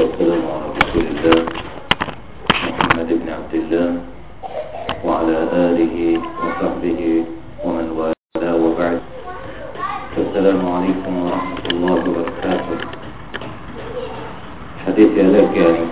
والصلاة والسلام على رسول الله محمد بن عبد الله وعلى آله وصحبه ومن والاه وبعد السلام عليكم ورحمة الله وبركاته حديث لك يعني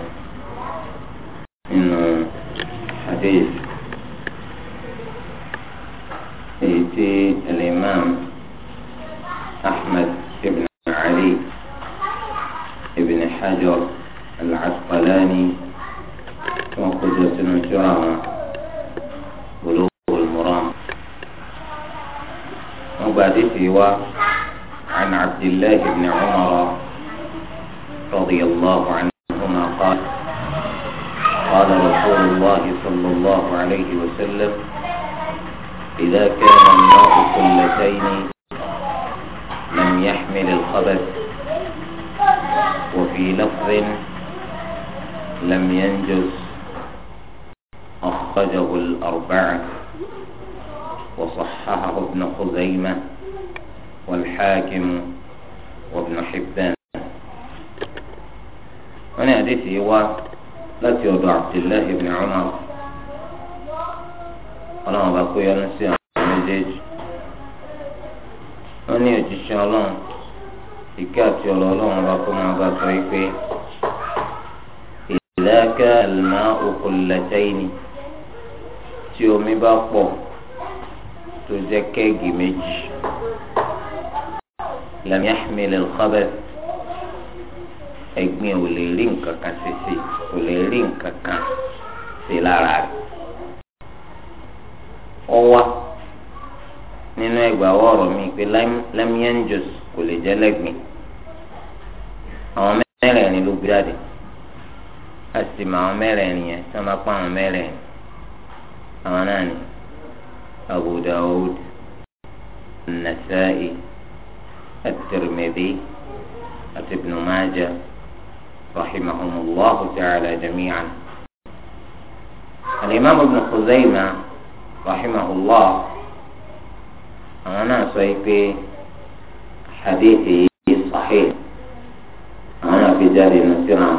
رجال من سرعة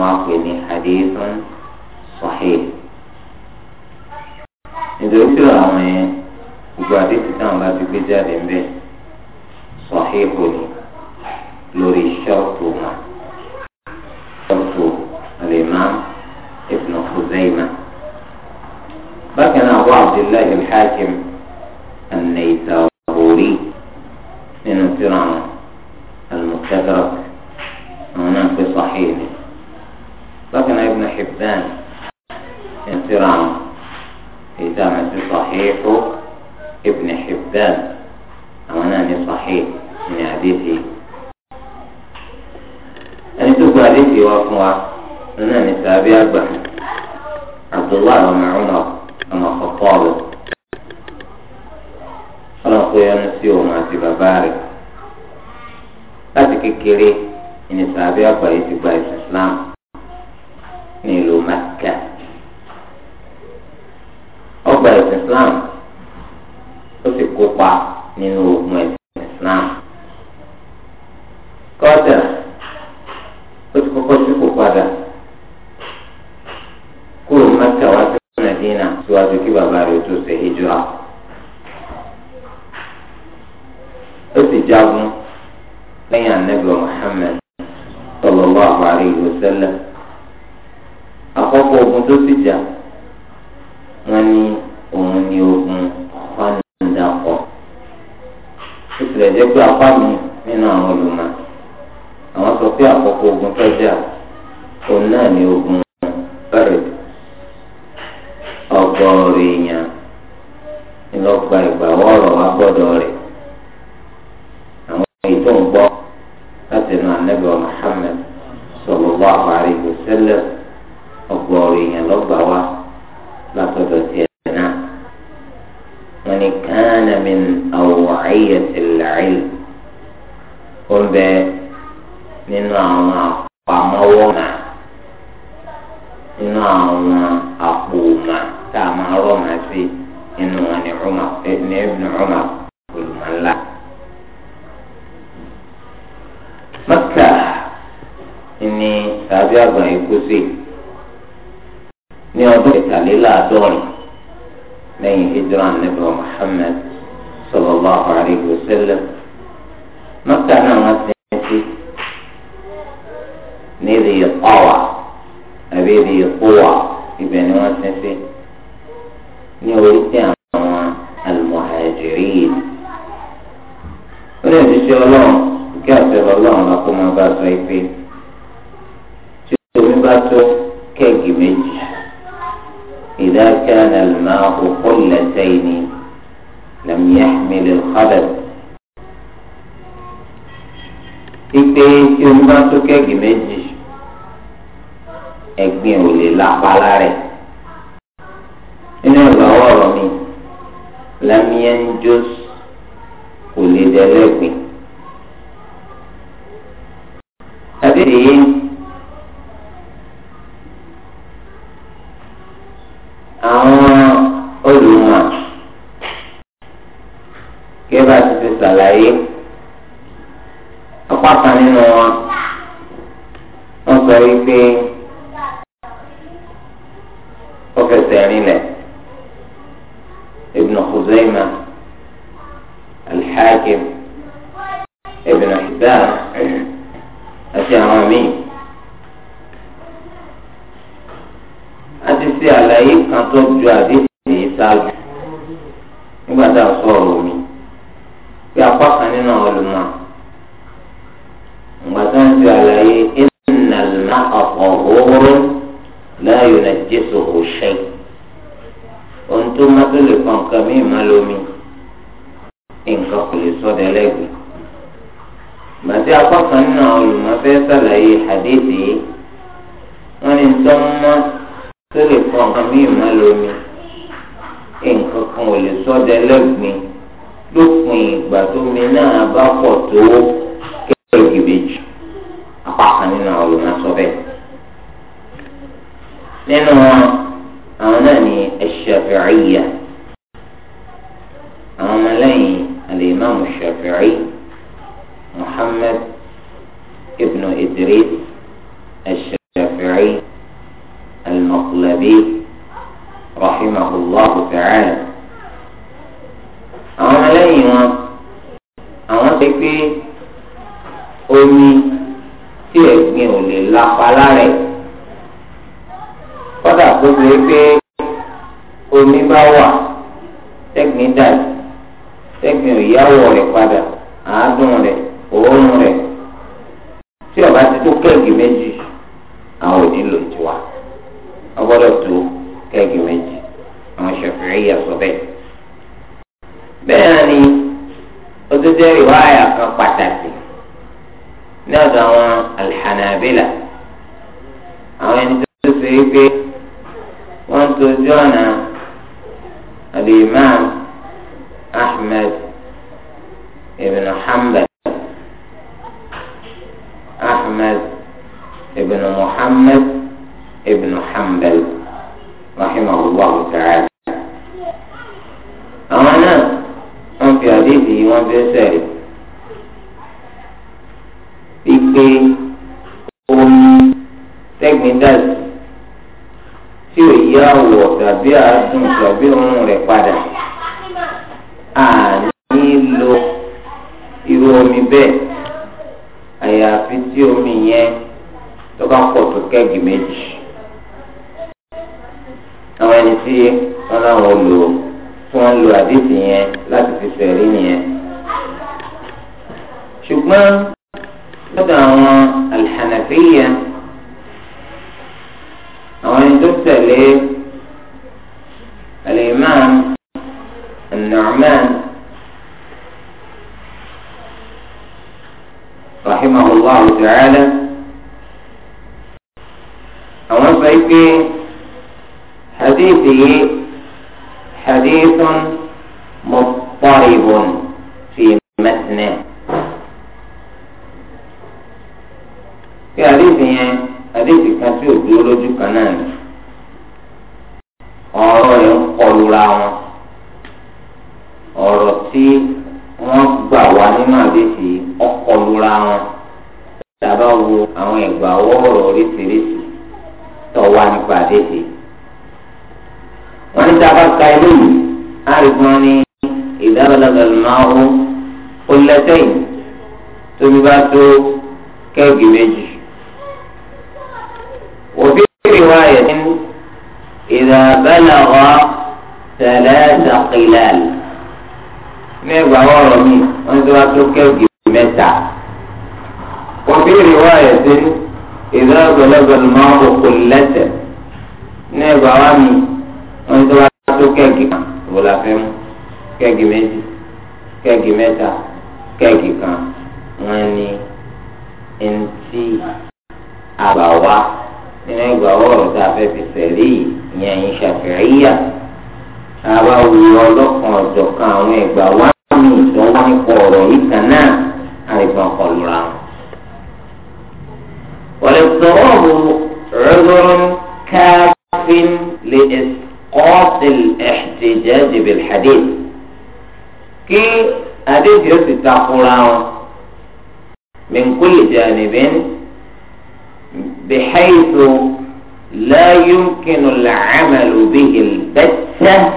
وعقل حديث صحيح إذا أكثر أمي وقادي تتعمل في رجال به صحيح لي لوري الشرط ما شرط الإمام ابن خزيمة بكنا أبو عبد الله الحاكم النيتاوي tàbí àgbọ̀n yìí kú sí ní ọdún kẹtàléláàádọ́rin lẹ́yìn hijra nabi muhammed sọlọ́lá alayhi wa mọ́tà náà wọ́n ti ń ti ní ìdí ìpọ́wà àbí ìdí ìpọ́wà ibẹ̀ ni wọ́n ti ń ti ní orí tí àwọn almuhajirin ó lè ti ṣe ọlọ́run kí àti ọlọ́run lọ́kọ́ máa bá a sọ ife. bá tó kẹ́ẹ̀gì méjì idha kana al-ma'u qullataini lam yahmil al-khabath. pípé tí omi bá tó kẹ́ẹ̀gì méjì ẹ̀gbin ò lè lápá lára nínú ìgbàwọ́ ọ̀rọ̀ mi lam yanjus kò lè dẹ́lẹ́gbin. المقلبي رحمه الله تعالى àwọn ẹlẹ́yìn wọn àwọn ti pé omi tí ẹ̀gbin ò lè lápa lára ẹ̀ kọ́dà tó ṣe pé omi bá wà tẹ́gbin dàbí tẹ́gbin ò yáwọ̀ rẹ̀ padà àádùn rẹ̀ òórùn rẹ̀ tí ọba ti tó kẹ́ẹ̀gì méjì àwọn ò ní lò ọgbọ́dọ̀ tó kẹ́gì méjì àwọn Ṣafi'iyya sọ bẹ́ẹ̀. bẹ́ẹ̀ ni ó tún jẹ́ ìwáyà kan pàtàkì ní ọ̀dọ̀ àwọn Al-Hanabila àwọn ẹni tó ṣe é pé wọ́n tójú ọ̀nà Al-Imam ibn Hanbal Ahmad ibn Muhammad ibn hanbal rahimahullahu ta'ala. àwọn náà wọ́n fi àdéhùn yìí wọ́n fẹ́ sẹ́rí wípé omi tẹ́gbìn dàsí tí ò yí àwọ̀ tàbí àádùn tàbí òórùn rẹ̀ padà àní lo irú omi bẹ́ẹ̀ àyàfi tí omi yẹn tó bá pọ̀ tó kẹ́gì méjì. àwọn ẹni tí wọ́n láwọn lò tí wọ́n lo àdéhùn lo àdìsí láti fi sẹ̀rí nìyẹn. ṣùgbọ́n lọ́dọ̀ àwọn alhànàfíyà àwọn ẹni tó tẹ̀lé alimam an-Nu'man rahimahullah ta'ala àwọn sọ pé. حديثه حديث مضطرب في متنه wọ́n ní sábà ka ilé yìí àrùkún ní ìdábàdàgbà máa ń ó lẹ́sẹ̀yìn tóbi bá tó kẹ́ẹ̀gì méjì. òbí ìwà yẹn ní ìdábàdàgbà tẹ̀lẹ́ dàkìlẹ̀ ní ẹgbà ọ̀rọ̀ mi wọ́n ti wá tó kẹ́ẹ̀gì mẹ́ta. òbí ìwà yẹn ní ìdábàdàgbà máa ń lẹ́sẹ̀ ní ẹgbà wa mi wọ́n ní tó bá tó kẹ́ẹ̀gì kan ìwọ la fẹ́ mú kẹ́ẹ̀gì méjì kẹ́ẹ̀gì mẹ́ta kẹ́ẹ̀gì kan wọ́n ní ntí àbàwá nínú ìgbà ọ̀rọ̀ tá a fẹ́ fi sẹ̀rí ìyẹn ìṣàfẹ́ríyà àbá wù ọlọ́kan ọ̀jọ̀kan àwọn ìgbà wá ní ìdánwò ọ̀rọ̀ yìí kan náà àìgbọ̀n kọlùra wọn. wọ́n lè sọ̀rọ̀ ọ̀rọ̀ rẹ́gbọ́n káfíń lè ẹ̀sìn. قاص الاحتجاج بالحديث كي حديث يوسف من كل جانب بحيث لا يمكن العمل به البتة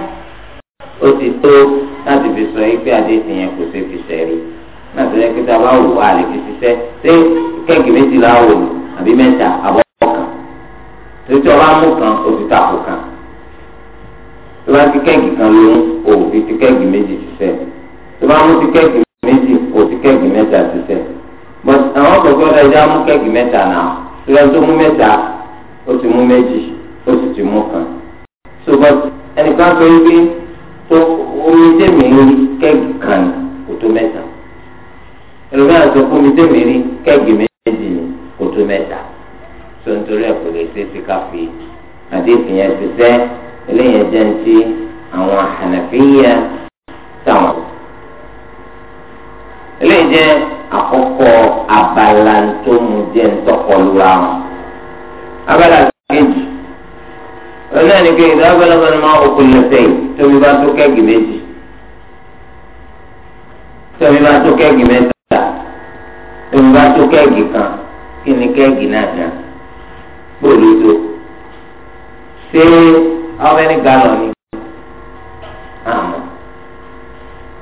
وتتو láti fi sọ yìí àdéhùn yẹn kò ṣe fi ṣe rí náà kí tá a bá lè fi ṣiṣẹ́ ṣé kẹ́ǹkì méjìlá wò ní àbí mẹ́ta àbọ̀ kan tó tí ọba mú kan òtítà kò kan tó bá ti kẹ́ẹ̀gì kan lóyún o ò fi ti kẹ́ẹ̀gì méjì ṣiṣẹ́ tó bá mú ti kẹ́ẹ̀gì méjì o ti kẹ́ẹ̀gì mẹ́ta ṣiṣẹ́ but àwọn ọ̀gbọ̀gbọ́ ọ̀dà ìjà mú kẹ́ẹ̀gì mẹ́ta náà tó lọ tó mú mẹ́ta ó ti mú méjì ó sì ti mú kan so but ẹnìkan sọ wípé tó omi tèmi rí kẹ́ẹ̀gì kan kò tó mẹ́ta ẹlòmíràn sọ fún mi tèmi rí kẹ́ẹ̀gì méjì kò tó mẹ́ta so nítorí ẹ̀ kò lè ṣe é sí ká àdéhùn yẹn ṣiṣẹ́ eléyìí jẹ́ ní ti àwọn àhànàfíyà táwọn. eléyìí jẹ́ àkọ́kọ́ abala tó mu jẹ́ ntọ́kọlùwà wọn. abala kejì ọ̀nà ni pé ìdá abala kan máa òkú lẹ́sẹ̀yìn tóbi bá tó kẹ́gì méjì tóbi bá tó kẹ́gì mẹ́ta tóbi bá tó kẹ́gì kan kí ni kẹ́gì náà dá gbòòlù tó ṣé how many gallon ni àmọ́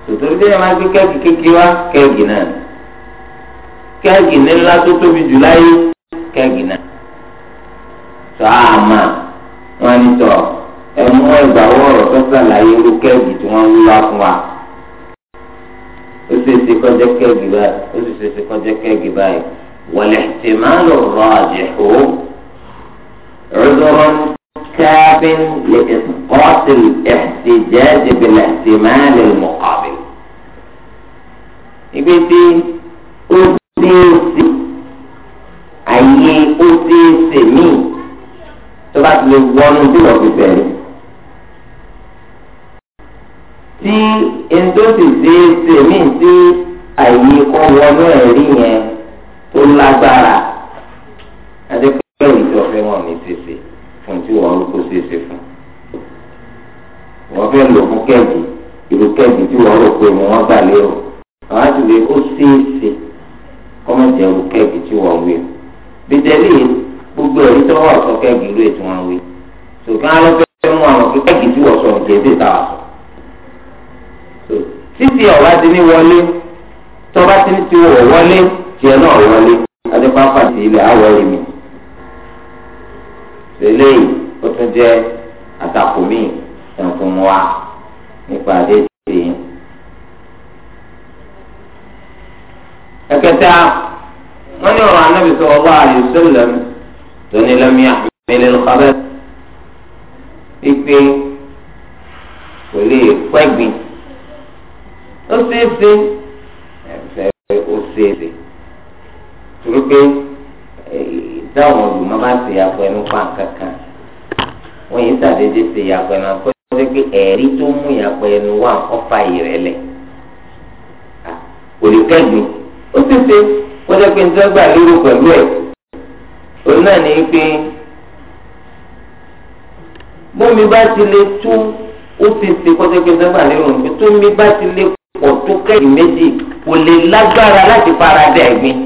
tòtòrí tẹ́lẹ̀ máa gbé kẹ́ẹ̀kì kékeré wá kẹ́ẹ̀kì náà kẹ́ẹ̀kì nílá tó tóbi jù láyé kẹ́ẹ̀kì náà tó àmà wọn ni tọ ẹmú ẹgbà wọ̀rọ̀ tó sàlàyé irú kẹ́ẹ̀kì tí wọ́n ń wá fún wa ó sì ṣe kọjá kẹ́ẹ̀kì báyìí ó sì ṣe kọjá kẹ́ẹ̀kì báyìí wal ihtimal ar-rajih ó rẹ́dọ̀rọ̀ شاب لإسقاط الاحتجاج بالاحتمال المقابل يبدي أسيسي أي أسيسي مي تبعت للظن بلو بفعله tí ndóbi ṣe é ṣe mí sí àyè kó wọnú ṣe ṣe fún wọn fẹ́ lò fún kẹ́ẹ̀gì ìlú kẹ́ẹ̀gì tí wọ́n rò pé wọ́n gbà lérò àwọn àti lè ó ṣeéṣe kọ́mọ̀jì ẹ̀rù kẹ́ẹ̀gì tí wọ́n wí bìtẹ́lì gbogbo ẹ̀rí tó wà sọ ètò wọn wí ṣùgbọ́n àwọn fẹ́ ó tún jẹ́ àtakò míì tuntun wa nípa àdéhùn. ẹ̀kẹta wọ́n ní ọ̀rọ̀ anábì sallallahu alaihi wasallam tó ní lam yahmil al-khabath pípé kò lè pẹ́gbin ó ṣeéṣe ẹ̀fẹ̀ ó ṣeéṣe torí pé táwọn olùmọ̀ bá ti àpò ẹnu pa kankan wọ́n yìí sàdédé ṣe yàpẹ̀ náà kó ṣe pé ẹ̀rí tó mú yàpẹ̀ ẹnu wà ọ̀fà ìrẹ̀lẹ̀ kò lè kẹ́gbìn ó ti ṣe kó ṣe pé nítorí gbà lérò pẹ̀lú ẹ̀ òun náà ní pé bómi bá ti lè tú ó ti ṣe kó ṣe pé nítorí gbà lérò pé tómi bá ti lè pọ̀ tó kẹ́gbìn méjì kò lè lágbára láti faradà ẹ̀gbin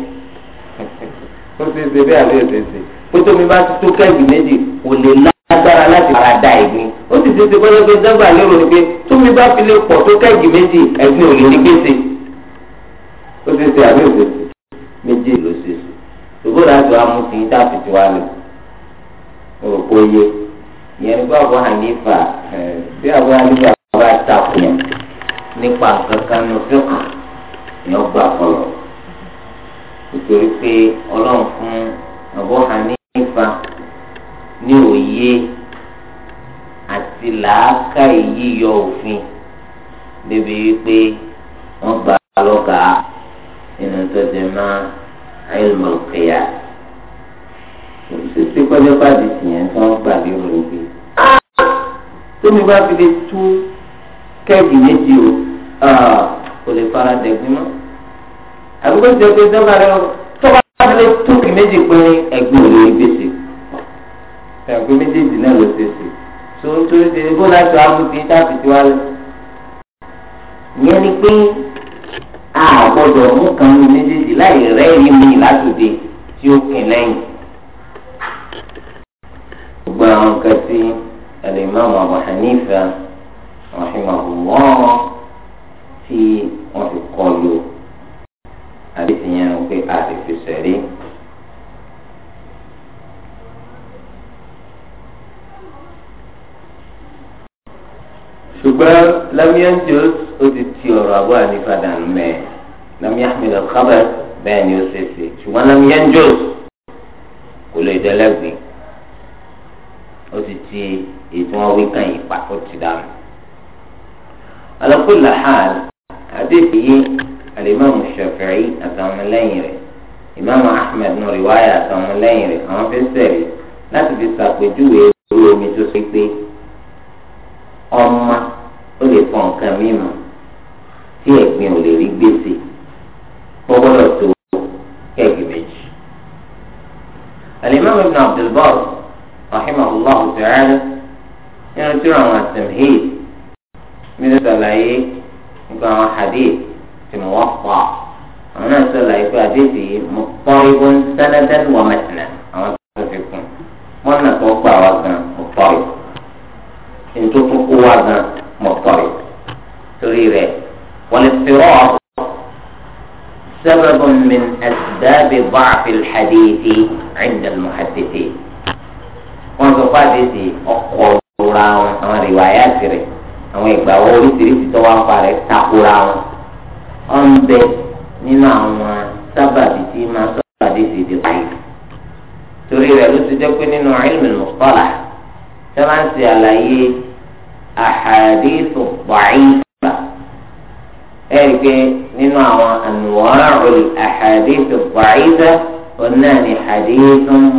ó ti ṣe bí àlẹ́ òṣèṣe kó tómi bá ti tó kẹ́gbìn méjì kò lè lágbára agbára láti fara da ẹ̀gbin ó sì ti ṣe pẹ́ẹ́pẹ́ dábàá lérò ni pé tómi bá fi lè pọ̀ tó kẹ́jì méjì ẹ̀gbin ò lè ní gbèsè ó ti ṣe àbí òṣèṣe méjì ló ṣe ṣe ṣùgbọ́n láti wá mú tìyí tá a fi ti wá lò òkò yẹ ìyẹn ní báwo hànífà bí àbúrò hànífà bá takò nípa kankan ní fíkà ni ó gbà kọlọ nítorí pé ọlọ́run fún àbúrò hànífà ní òye àti làákà yíyọ òfin débi wípé wọ́n gbà á lọ́gà nínú tọ́jú máa àìlùmọ̀ kẹyà òṣìṣẹ́ pẹ́jọ́pàdé tìyẹn tí wọ́n gbà lérò níbi. tómi bá fi lè tú kẹ́ẹ̀gì méjì o kò lè fara dẹ̀gbin mọ́ àbúkọ́ ti dẹ́ pé dọ́gba rẹ tọ́ba fi lè tú kẹ́ẹ̀gì méjì pé ẹgbẹ́ òun lè gbèsè ẹ̀rọ pé méjèèjì náà ló ṣe sí so nítorí tèmi bó láti wàhálà fi táàbì tí wàá lẹ. ìyẹn ni pé a gbọ́dọ̀ mú kan ní méjèèjì láì rẹ́rìí mi látòde tí ó kìn lẹ́yìn. gbogbo àwọn nǹkan tí alimami Abu Hanifa rahimahullah tí wọ́n fi kọ́ lu àbí tìyẹn pé a lè fi sẹ̀rí. ṣùgbọ́n lamiyan jos ó ti ti ọ̀rọ̀ àbọ̀ ànífàdà mẹ́ lamiyan ahmed alkhabar bẹ́ẹ̀ ni ó ṣe ṣe ṣùgbọ́n lamiyan jos kò lè dẹ́lẹ́gbìn ó ti ti ètò wọn wí kàn yín pa ó ti dànù. alakul lahal adébí yé alimami shafi'i àtàwọn lẹ́yìn rẹ̀ imaamu ahmed nù riwaya àtàwọn lẹ́yìn rẹ̀ àwọn fẹ́ láti fi ṣàpèjúwe ọmọ kọ nǹkan mímu tí ẹ̀gbin ò lè rí gbèsè ó gbọ́dọ̀ tó kẹ́ẹ̀gì méjì. alimami ibn abdulbar rahimahullah ta'ala nínú tí àwọn àtẹ̀míhìd nínú sàlàyé nípa àwọn hadith tí mo wá pa àwọn náà sàlàyé pé hadith yìí mo tọ́ ibú sanadan wa mẹtìnà àwọn tó fi kún wọn nà tó gbà wá gan mo tọ́ ibú nítorí tó wá gan mo tọ́ ibú torí rẹ̀ wal-istirāb sababun min asbābi ḍa'fi al-hadīthi 'inda al-muhaddithīn wọ́n sọ fún àdéhìí ọkọ̀ ìrora wọn àwọn rìwáyà tirẹ̀ àwọn ìgbà wo oríṣiríṣi tó wá ń parẹ́ takora wọn wọ́n ń bẹ nínú àwọn sábàbí tí máa sọ àdéhìí ti pè é torí rẹ̀ ló ti jẹ́ pé nínú ilmi al-mustalah àlàyé àhàdéhìí tó ẹ̀rí pé nínú àwọn ànúwárò àhàdìsì bàáyíṣẹ́ onáni àhàdìsì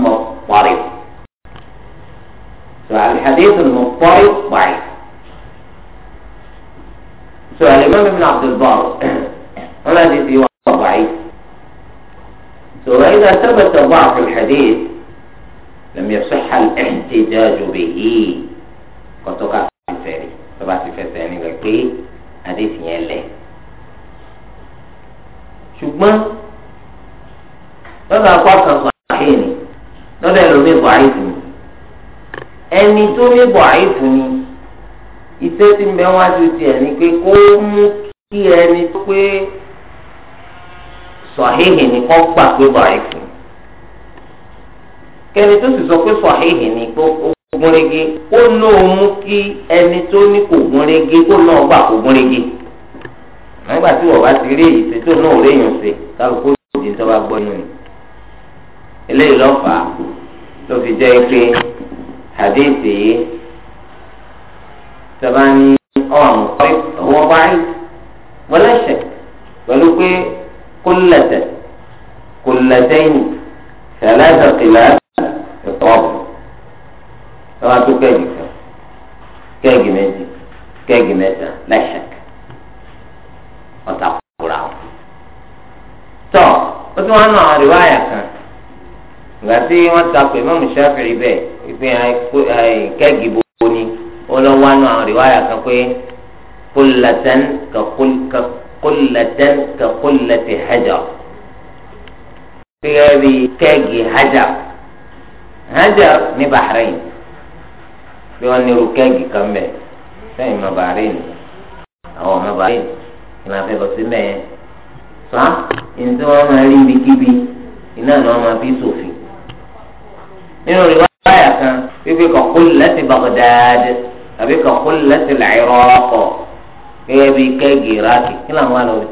mọ̀pọ̀rì. sọ àhàdìsì mọ̀pọ̀rì pàì. sọ àlùmọ́mí bin abdulbar wọn láti fi wọn bàáyí. sọ وإذا ثبت ضعف الحديث لم يصح الاحتجاج به kọtọka fẹrẹ tọba ti fẹ ṣùgbọ́n lọ́dọ̀ akọ́ kan sọ̀rọ̀ ni lọ́dọ̀ ẹlòmíì bọ̀ àìfù ni ẹni tó ní bọ̀ àìfù ni iṣẹ́ ti ń bẹ wájú tiẹ̀ ni pé kó mú kí ẹni tó pé ni kọ́ gbà pé bọ̀ àìfù tó sọ pé ni kó gúnrégé kó náà àwọn ìgbà tí wọ́n bá ti rí èyí ṣètò náà rí èyàn ṣe kálukú òjì tó bá gbọ́ nù. eléyìí lọ́fà ló fi jẹ́ pé hadith yìí sábà ní ọ̀rùn pé ọwọ́ báyìí wọ́n lẹ́sẹ̀ pẹ̀lú pé kólẹ̀tẹ̀ kólẹ̀tẹ̀yìn tẹ̀lẹ́sẹ̀ tìlẹ̀ ẹ̀kọ́ ẹ̀ wá tó kẹ́ẹ̀gì kan kẹ́ẹ̀gì méjì kẹ́ẹ̀gì mẹ́ta lẹ́sẹ̀ ọ̀tà kura wọn. tọ́ ó tún wá nù àwọn rìwáyà kan ìgbà tí wọ́n ta pé mọ́mú Ṣáfi'í bẹ́ẹ̀ ìpè kẹ́gì bo ni ó lọ wá nù àwọn rìwáyà kan pé kólàtẹ́n kakólàtẹ́n kakólàtẹ́ hajar gẹ́gẹ́ bí kẹ́gì hajar hajar ní Bahrain bí wọ́n ní irú kẹ́gì kan bẹ́ẹ̀ sẹ́yìn mọ́ Bahrain àwọn ọmọ Bahrain ìlànà àfẹ́ lọ sí mẹ́ẹ̀ fa ah, ìdí wọn máa rí ibikíbi iná ni wọn máa fi sòfin nínú rẹ̀ báyà kan wípé kọ̀kúl láti Baghdad àbí kọ̀kúl láti Iraq gẹ́gẹ́ bí kẹ́gì iraki kí làwọn wà lórí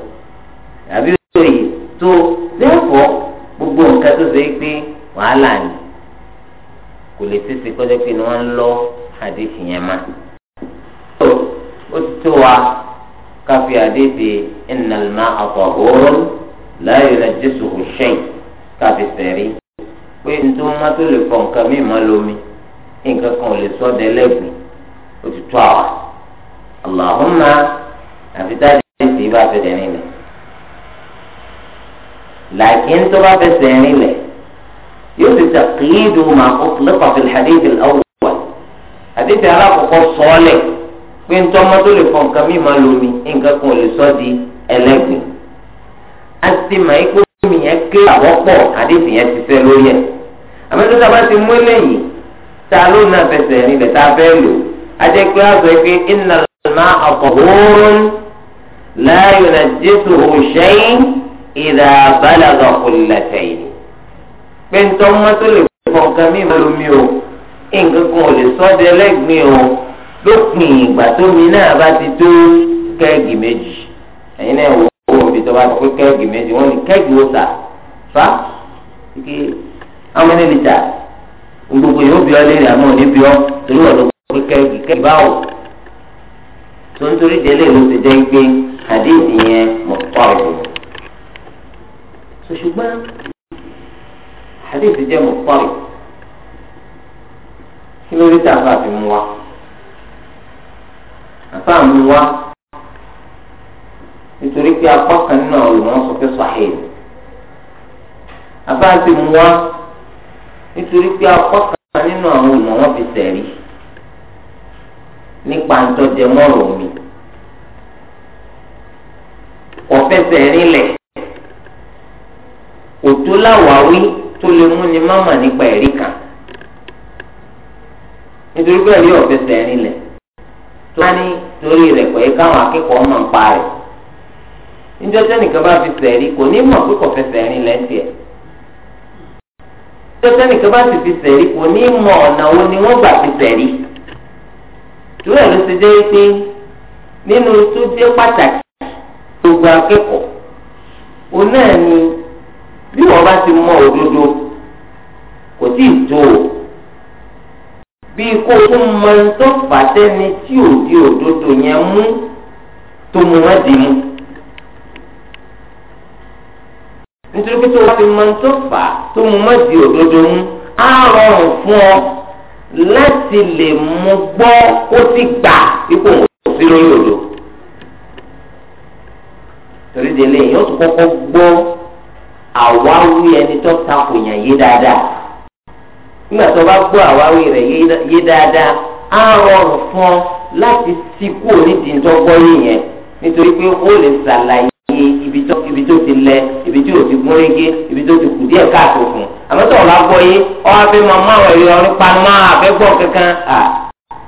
àbí òye tó lẹ́fọ̀ọ́ gbogbo nǹkan tó ṣe é pé wàhálà ni kò lè tètè kọjá pé ni wọ́n ń lọ àdéhìyẹn má. ó ti tó wa. káfí àdéhìí ìnàlmá àtọ̀hóró láàyò náà jésù kò ṣẹ́yìn káfí sẹ̀rí pé ntí wọ́n má tó lè fọ nǹkan mí má lómi nǹkan kan ò lè sọ ọdẹ lẹ́gbìn òtítọ́ àwà Allahumma àfi táyà ìsì bá fẹsẹ̀ nílẹ̀ làákín tó bá fẹsẹ̀ nílẹ̀ yóò ti tàkìlì dùn máa kó lẹ́kọ̀ọ́ fi hadithi al-awwal hadithi alákọ̀ọ́kọ́ sọ́ọ́lẹ̀. pé ntọ́mọ tó lè fọ nǹkan míì máa lomi nǹkan kan ò lè sọ di ẹlẹ́gbìn a ti mà yín pé omi yẹn ké àwọ́pọ̀ àdéhùn yẹn ti fẹ́ lórí ẹ̀ àmọ́tí tá a bá ti mú eléyìí tá a ló na fẹsẹ̀ nílẹ̀ tá a fẹ́ lò a jẹ́ pé a sọ pé iná ma ọ̀kọ̀hóró láàyò náà jésù òṣèyí ìdá abálàgà kùlẹ̀tẹ̀yìn pé ntọ́mọ lè fọ nǹkan míì máa o nǹkan kan lè sọ di ẹlẹ́gbìn o lópin ìgbà tómi náà bá ti tó kẹ́ẹ̀gì méjì ẹ̀yin náà wò ó wò fi tọ́ba pé kẹ́ẹ̀gì méjì wọ́n ní kẹ́ẹ̀gì ó sà fa ike àwọn ẹni lìtà gbogbo yóò bí ọ lé àmọ́ òní bí ọ torí wọ́n ló pé kẹ́ẹ̀gì kẹ́ẹ̀gì báwò tó ń torí délé ló ti jẹ́ pé àdéhùn yẹn mọ̀ pọ̀ ọ̀dọ̀ ṣùgbọ́n àdéhùn jẹ́ mọ̀ pọ̀ ọ̀dọ̀ kí ló rí tàbá fi mú wa àfáà mi wá nítorí pé apá kan náà olùwọ́n sọ pé sahih àfáà ti mú wá nítorí pé apá kan nínú àwọn olùwọ́n fi sẹ̀rí nípa ntọ́jẹmọ́rọ̀ mi ọ̀fẹ́sẹ̀ rinlẹ̀ òtó láwàáwí tó lè mú ni máma nípa ẹ̀rí kan nítorí pé ẹ̀rí ọ̀fẹ́sẹ̀ rinlẹ̀. tó ní rẹ rẹ̀ pé káwọn akẹ́kọ̀ọ́ mọ̀ ń pa rẹ̀ níjọ́ bá fi sẹ̀rí kò ní mọ̀ pé kò fẹ́ sẹ̀rí lẹ́sì níjọ́ bá sì fi sẹ̀rí kò ní mọ̀ ọ̀nà wo ni wọ́n gbà fi sẹ̀rí ti jẹ́ pé nínú ti mọ òdodo kò bí kó tún mọ tó fàtẹ́ni tí òdi òdodo yẹn mú tó mú wọn dì mú. nítorí pé tó wá fi mọ tó fà tó mú wọn di òdodo mú á rọrùn fún ọ láti lè mú gbọ́ kó sì gbà ipò òsì lórí òdo. torí délé yóò tún kọ́kọ́ gbọ́ àwáwí ẹni tó takò yàn yé dáadáa nígbà tó bá gbọ́ àwáwí rẹ̀ yé dáadáa á rọrùn fún ọ láti ti kúrò nídìí ntọ́gbọ́ yìnyẹn nítorí pé ó lè ṣàlàyé ibi tó ibi tó ti lẹ ibi tí o ti gún régé ibi tó ti kù díẹ̀ káàtó fún àmọ́ tó o bá gbọ́ yé ọ wá fẹ́ máa máa ẹ̀yọ ní panumá àfẹ́gbọ́ kankan à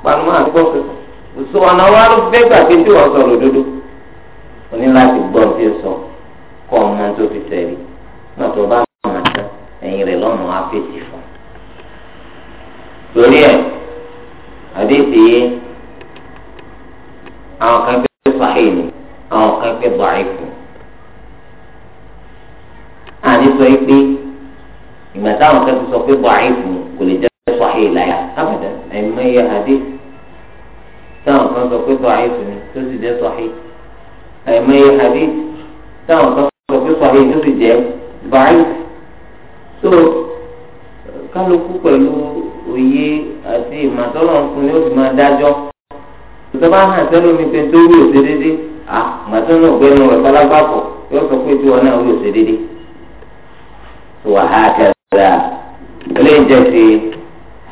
panumá àfẹ́gbọ́ kankan òṣù ọ̀nà wa ló fẹ́ gbà pé tí wọ́n sọ̀rọ̀ òdodo o ní láti gbọ́ bí o sọ kọ́ ọmọ tó fi tẹ̀lé mọ̀tò bá mọ̀ ọ́n tán ẹ̀yìn rẹ̀ lọ́mọ afẹ́tì f torí ẹ̀ àdéhìí àwọn kan fẹ́ sàhìn ni àwọn kan fẹ́ bàáìkù àní sọ yìí pé ìgbà táwọn kan ti sọ pé bàáìkù kò lè jẹ́ sàhìn láyà ábàdà ẹ̀mọ́ yẹ àdéhìí táwọn kan sọ pé bàáìkù ni tó sì jẹ́ sàhìn ẹ̀mọ́ yẹ àdéhìí táwọn kan sọ pé sàhìn tó sì jẹ́ bàáìkù kálukú pẹ̀lú òye àti ìmọ̀tọ́lọ̀ ọ̀kùnrin ni ó fi máa dájọ́ ìjọba hàn sẹ́lómi pé tó rí òṣè dédé à màtún náà gbẹ́nu rẹ̀ pálágbàpọ̀ yóò sọ pé tiwọn náà rí òṣè dédé. tó wà á kẹta ilé ìjẹ ti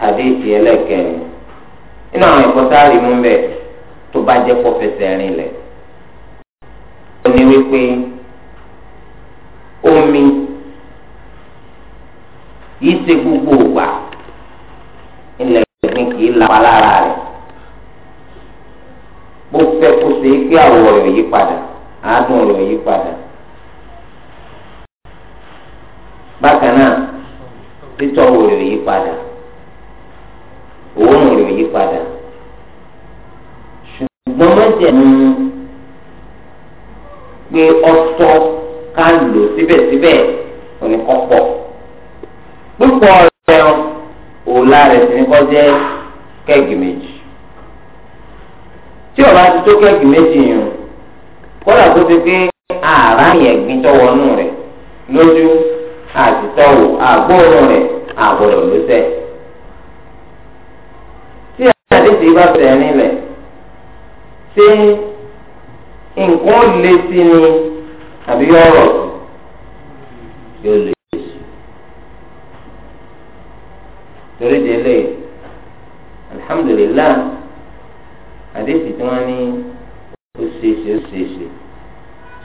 àdéhìí ẹlẹ́kẹ̀rin nínú àwọn ẹ̀kọ́ sáárì mú bẹ́ẹ̀ tó bá jẹ́ pọ̀ fẹsẹ̀ rìn lẹ̀. ó ní wípé omi. kìí ṣe gbogbo ògbà ilẹ̀ ìgbìn kìí la palára rẹ̀ bó fẹ́ kó ṣe pé àwọ̀ rẹ̀ yí padà àádùn rẹ̀ yí padà. bákan náà títọ́ wò yí padà òórùn rẹ̀ yí padà púpọ̀ ẹran òòlà rẹ̀ sì ní kọ́ jẹ́ kẹ́ẹ̀gì méjì tí ọba ti tó kẹ́ẹ̀gì méjì yìí kọ́lá tó ti pé ààrá yẹn gbin tọ́wọ́nù rẹ̀ lójú àtìtọ́wò àgbóòrùn rẹ̀ àgbọ̀dọ̀ ló tẹ̀. tí àdéhùn ibà tẹ̀ nílẹ̀ ṣé nǹkan ó sí ni àbí ọ̀rọ̀ yóò le. torí délé alhamdulillah àdéhùn tí wọ́n ní ó ṣeéṣe ó ṣeéṣe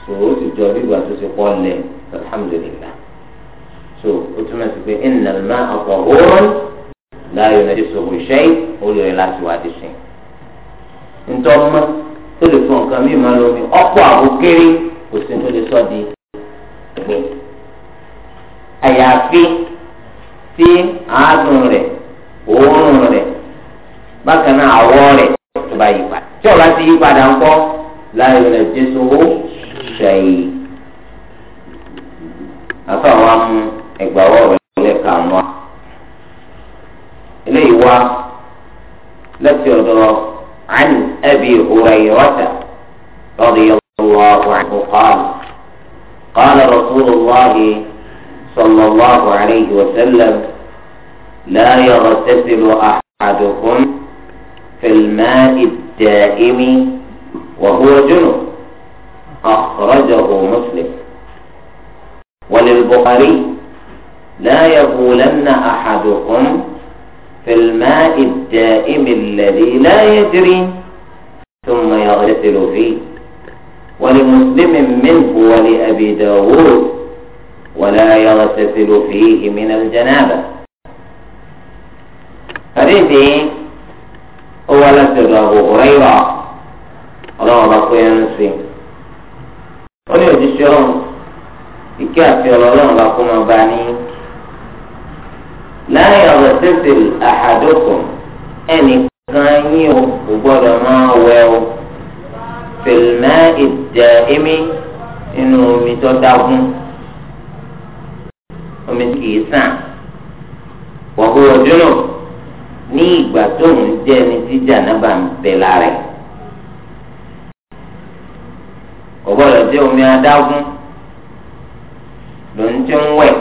so ó ti jọ bíbá tó ṣe pọ́ lẹ̀ alhamdulillah so ó túmọ̀ sí pé innal ma'a tahurun la yunajjisuhu shay' orí rẹ̀ láti wá ti sìn ntọ́ mọ́ tó lè fọ nǹkan mí lómi ọ̀pọ̀ àbókéré kò sí tó lè sọ di ẹgbẹ́ àyàfi tí àádùn rẹ̀ òórùn rẹ̀ bákan náà àwọ̀ rẹ̀ tó bá yí padà tí ọba ti yí padà ń kọ́ láì rẹ̀ jésù owó ṣẹ̀yì. àfa àwọn amú ẹgbàáwọ̀ rẹ̀ lẹ́ka àwọn. eléyìí wá láti ọ̀dọ̀ عن أبي هريرة رضي الله عنه قال قال رسول الله صلى الله عليه وسلم لا يغتسل أحدكم في الماء الدائم وهو جنب أخرجه مسلم وللبخاري لا يقولن أحدكم في الماء الدائم الذي لا يجري ثم يغتسل فيه ولمسلم منه ولأبي داود ولا يغتسل فيه من الجنابة حديثي هو لسر أبو هريرة الله بقي ينسي ولي الشرم يكافي الله بقوم باني لا يغتسل أحدكم أن كان يوم ما ويو في الماء الدائم إنه متدفن omi kìí sàn wọ́pọ̀ ọdúnú ní ìgbà tó ń jẹ́ ní jíjà náà bá ń bẹ lára ẹ̀ ọ̀gbọ́dọ̀ jẹ́ omi adágún ló ń tí ń wẹ̀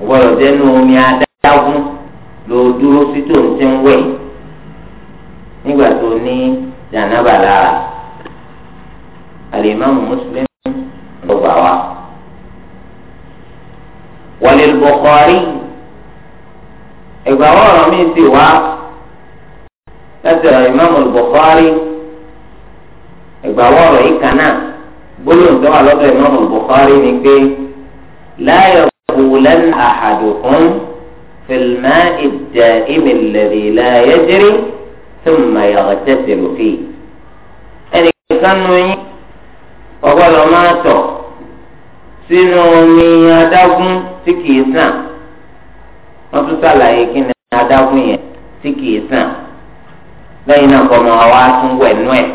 ọ̀gbọ́dọ̀ jẹ́ nu omi adágún ló dúró sí tó ń tí ń wẹ̀ nígbà tó ní jàǹdàbà lára Al-Imam Muslim. وللبخاري عبارة من سوى نترى إمام البخاري عبارة إكنا بلون كما لقى إمام البخاري نكي لا يقولن أحدكم في الماء الدائم الذي لا يجري ثم يغتسل فيه أن يعني كانوا وقالوا ما تو سنو من يدكم tí kìí sàn wọ́n tún ṣàlàyé kí ni adágún yẹn tí kìí sàn lẹ́yìn náà kọ́ ọmọ wa tún wẹ̀ nú ẹ̀.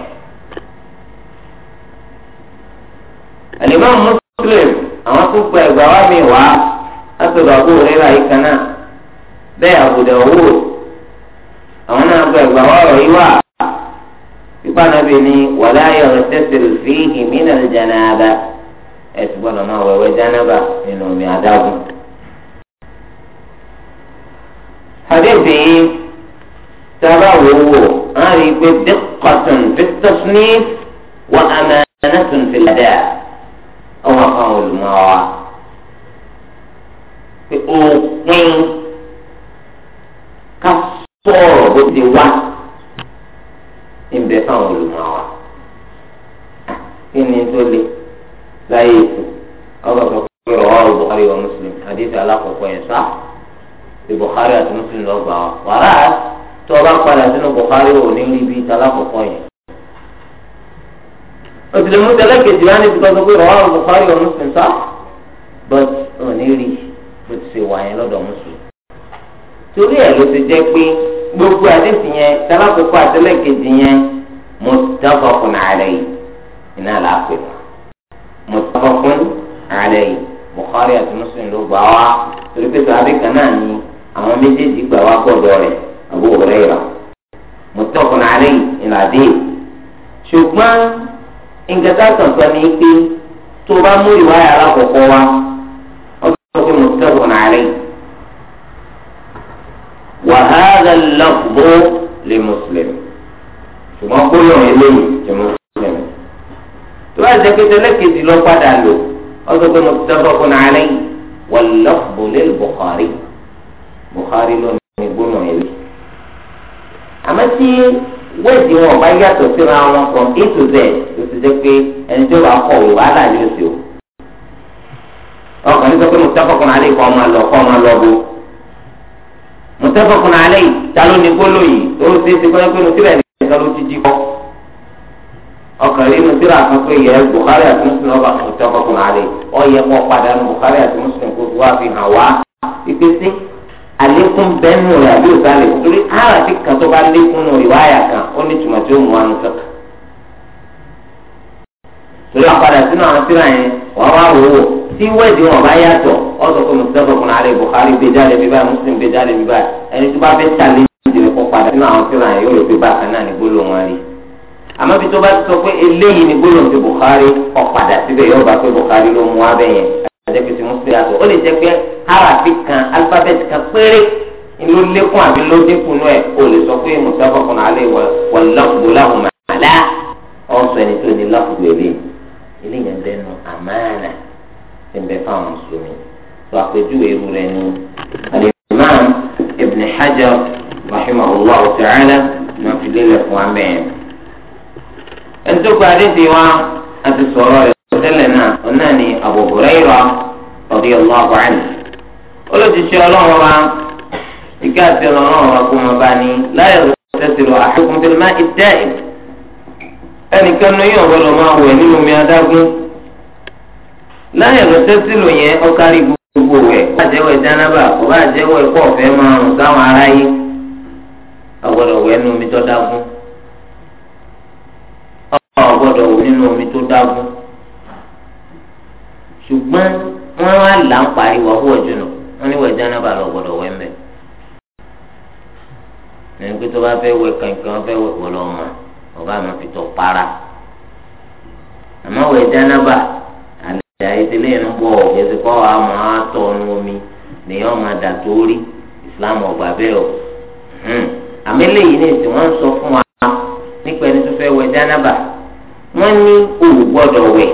alimami muslim àwọn tó gba ẹgbàá wa mi wá látọ̀dọ̀ Abu Hurairah yìí kan náà bẹ́ẹ̀ Abu Dawud àwọn náà gba ẹgbàá wa rọ̀ yìí wá pípa ni wàlá yọ̀rọ̀ tẹ̀sílì fíhì mí nà lè ẹ gbọ́dọ̀ máa wẹ̀wẹ̀ jánábà nínú omi adágún. hadithi yìí sábà wò wò á rí i pé diqqatun fi tasnif wa amanatun fi al-ada' ọmọ kan olùmọ̀ wa pé òpin ká sọ̀rọ̀ bó ti wá ń bẹ fáwọn olùmọ̀ wa kí ni tó le. láyé ètò ọgbà sọ pé ọwọ́ Bukhari wa Muslim hadith alákọ̀ọ́kọ́ yẹn sá ti Bukhari àti Muslim lọ gbà wá wàrà tó o bá padà sínú Bukhari ò ní rí ibi tí alákọ̀ọ́kọ́ yẹn. òtítọ́ mú tẹ́lẹ̀ kejì wá ní ti sọ pé ọwọ́ Bukhari wa Muslim sá but ò ní rí bó ti ṣe wà yẹn lọ́dọ̀ Muslim. torí ẹ̀ ló ti jẹ́ pé gbogbo àdéhùn yẹn tí alákọ̀ọ́kọ́ àtẹ́lẹ̀ kejì yẹn muttafaqun alayhi iná làákùn متفق عليه Bukhari àti Muslim ló gbà wá torí pé sàbí kan náà ni àwọn méjèèjì gbà wá gbọ́dọ̀ rẹ̀ Abu Hurairah muttafaqun alayhi ìlàdé ṣùgbọ́n nǹkan tá a sàn sọ ni pé tó bá mú ìwáyà alákọ̀ọ́kọ́ wa wọ́n sọ pé muttafaqun alayhi wa hadha al-lafzu li Muslim ṣùgbọ́n gbólóhùn eléyìí ti mú. tó bá jẹ́ pé tẹ́lẹ̀kejì lọ padà lò ó sọ pé mo ti dábọ̀ fún alẹ́ yìí wọ́n lọ bò lé Bukhari Bukhari ló ní gbóná ẹ̀rí. àmọ́ tí wẹ́ẹ̀dì wọn bá yàtọ̀ síra wọn from a to tó ti jẹ́ ẹni tí bá kọ̀ wò wàhálà yóò ṣe o. ọkàn ní sọ pé mo ti dábọ̀ fún alẹ́ yìí kọ́ ọmọ lọ kọ́ ọmọ lọ bó mutafakun alẹ́ yìí ta ló ní gbólóyìn tó ṣe é ọkàn rí mu síra kan pé yẹ Bukhari àti Muslim ọba mutafaqun alayhi ọyẹ kọ padà ní Bukhari àti Muslim kó tó wá fi hàn wá ipe sí àlékún bẹ́ẹ̀nù rẹ̀ àbí òsà lè torí ara ti kàn tó bá lékún nù ìwà àyà kan ó ní tùmọ̀ tí ó mú wánu sọ́kà. torí àpadà sínú àwọn síra yẹn wọ́n wá wò ó tí wẹ́ẹ̀dì wọn bá yàtọ̀ ọ sọ pé mutafaqun alayhi Bukhari gbé jáde bí àmọ́ bí tó bá sọ pé eléyìí ni gbólóhùn ti Bukhari ọ̀padà síbẹ̀ yóò bá pé Bukhari ló mú abẹ́ yẹn àjẹpẹ́ ti Muslim àtọ̀ ó lè jẹ́ pé harafi kan alifábẹ́ẹ̀tì kan péré ló lékún àbí ló dínkù nú ẹ̀ o lè sọ pé muttafaqun alayhi wal lafzu lahuma àlá ọ̀sọ̀ ẹni tó ní lọ́kùnrin eléyìí eléyìí ń bẹ́ẹ̀ àmàlà ti ń bẹ fáwọn mùsùlùmí tó àpèjúwe irú rẹ ní al Ibn Hajar rahimahullah ta'ala náà fi lélẹ̀ fún amẹ́yẹn. ẹnitọ́gba adéǹtì wa àti sọ̀rọ̀ rẹ̀ tẹ́lẹ̀ náà ọ̀nà ni Abu Hurairah radiyallahu wa ìgbà àti ọlọ́run wa kó máa bá ní láyé tẹ̀sílò àfikún tó máa wọn gbọ́dọ̀ wò nínú omi tó dágún ṣùgbọ́n wọn wá là ń parí wọn ní wẹjọ náà bá lọ gbọ́dọ̀ wẹ mbẹ lẹ́yìn pé tó bá wẹ kankan fẹ́ wẹ ọmọ ọba fi tọ para àmọ́ wẹjọ náà bá àlejò àyètélé ń bọ̀ ọgbẹsẹ kọ omi nìyẹn ọmọ àdà tó islam ọgbà o hmm. àmì ní ìsìn wọn sọ fún wa nípa ẹni tó wẹ wọ́n ní olùgbọ́dọ̀ wẹ̀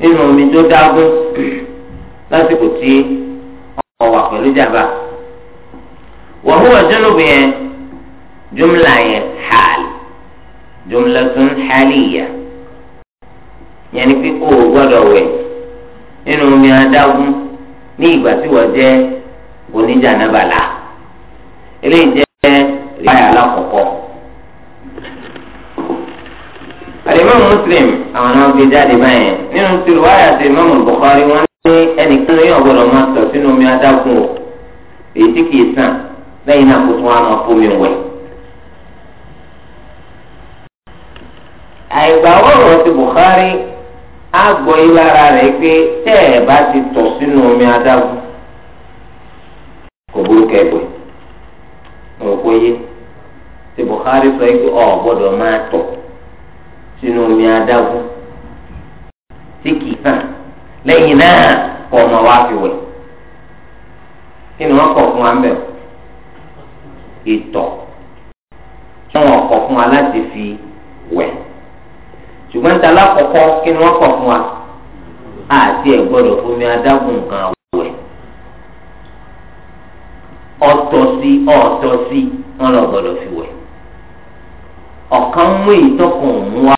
nínú omi tó dágún lásìkò tí ọwà pẹ̀lú jàmbá wọ́n mú ọ̀jọ́nùbù yẹn jumla yẹn hàl jumla tún hàlìyà yẹn ni pé olùgbọ́dọ̀ wẹ̀ nínú omi adágún ní ìgbà tí wọ́n jẹ́ oníjànàbàlà eléyìí jẹ́ rí báyà lákọ̀ọ́kọ́. alimami muslim àwọn náà gbé jáde báyẹn nínú tìlú wáyà tí imam bukhari wọn ní ẹnìkan ní ọgbọdọ máa tọ̀ sínú omi adágún o èyí tí kìí sàn lẹ́yìn náà kó tún wá máa fómi wẹ̀. àìgbà wọ̀rọ̀ ti bukhari á gbọ́ ilé ara rẹ̀ pé tẹ́ ẹ̀ bá ti tọ̀ sínú omi adágún kò burú kẹ́gbẹ́ mo yé ti bukhari sọ pé ọ̀ máa tọ̀ sínú omi adágún tí kì í tàn lẹ́yìn náà kọ́ ọmọ wa fi wẹ̀ kí ni wọ́n kọ̀ fún wa ń bẹ̀ ìtọ̀ tí wọ́n kọ̀ fún wa láti fi wẹ̀ ṣùgbọ́n ta lákọ̀ọ́kọ́ kí ni wọ́n kọ̀ fún wa àti ẹ̀ gbọ́dọ̀ fomi adágún nǹkan wẹ̀ ọ̀tọ̀ sí ọ̀tọ̀ sí wọn lọ gbọ́dọ̀ fi wẹ̀ ọ̀kan mú ìtọ́kùn mú wa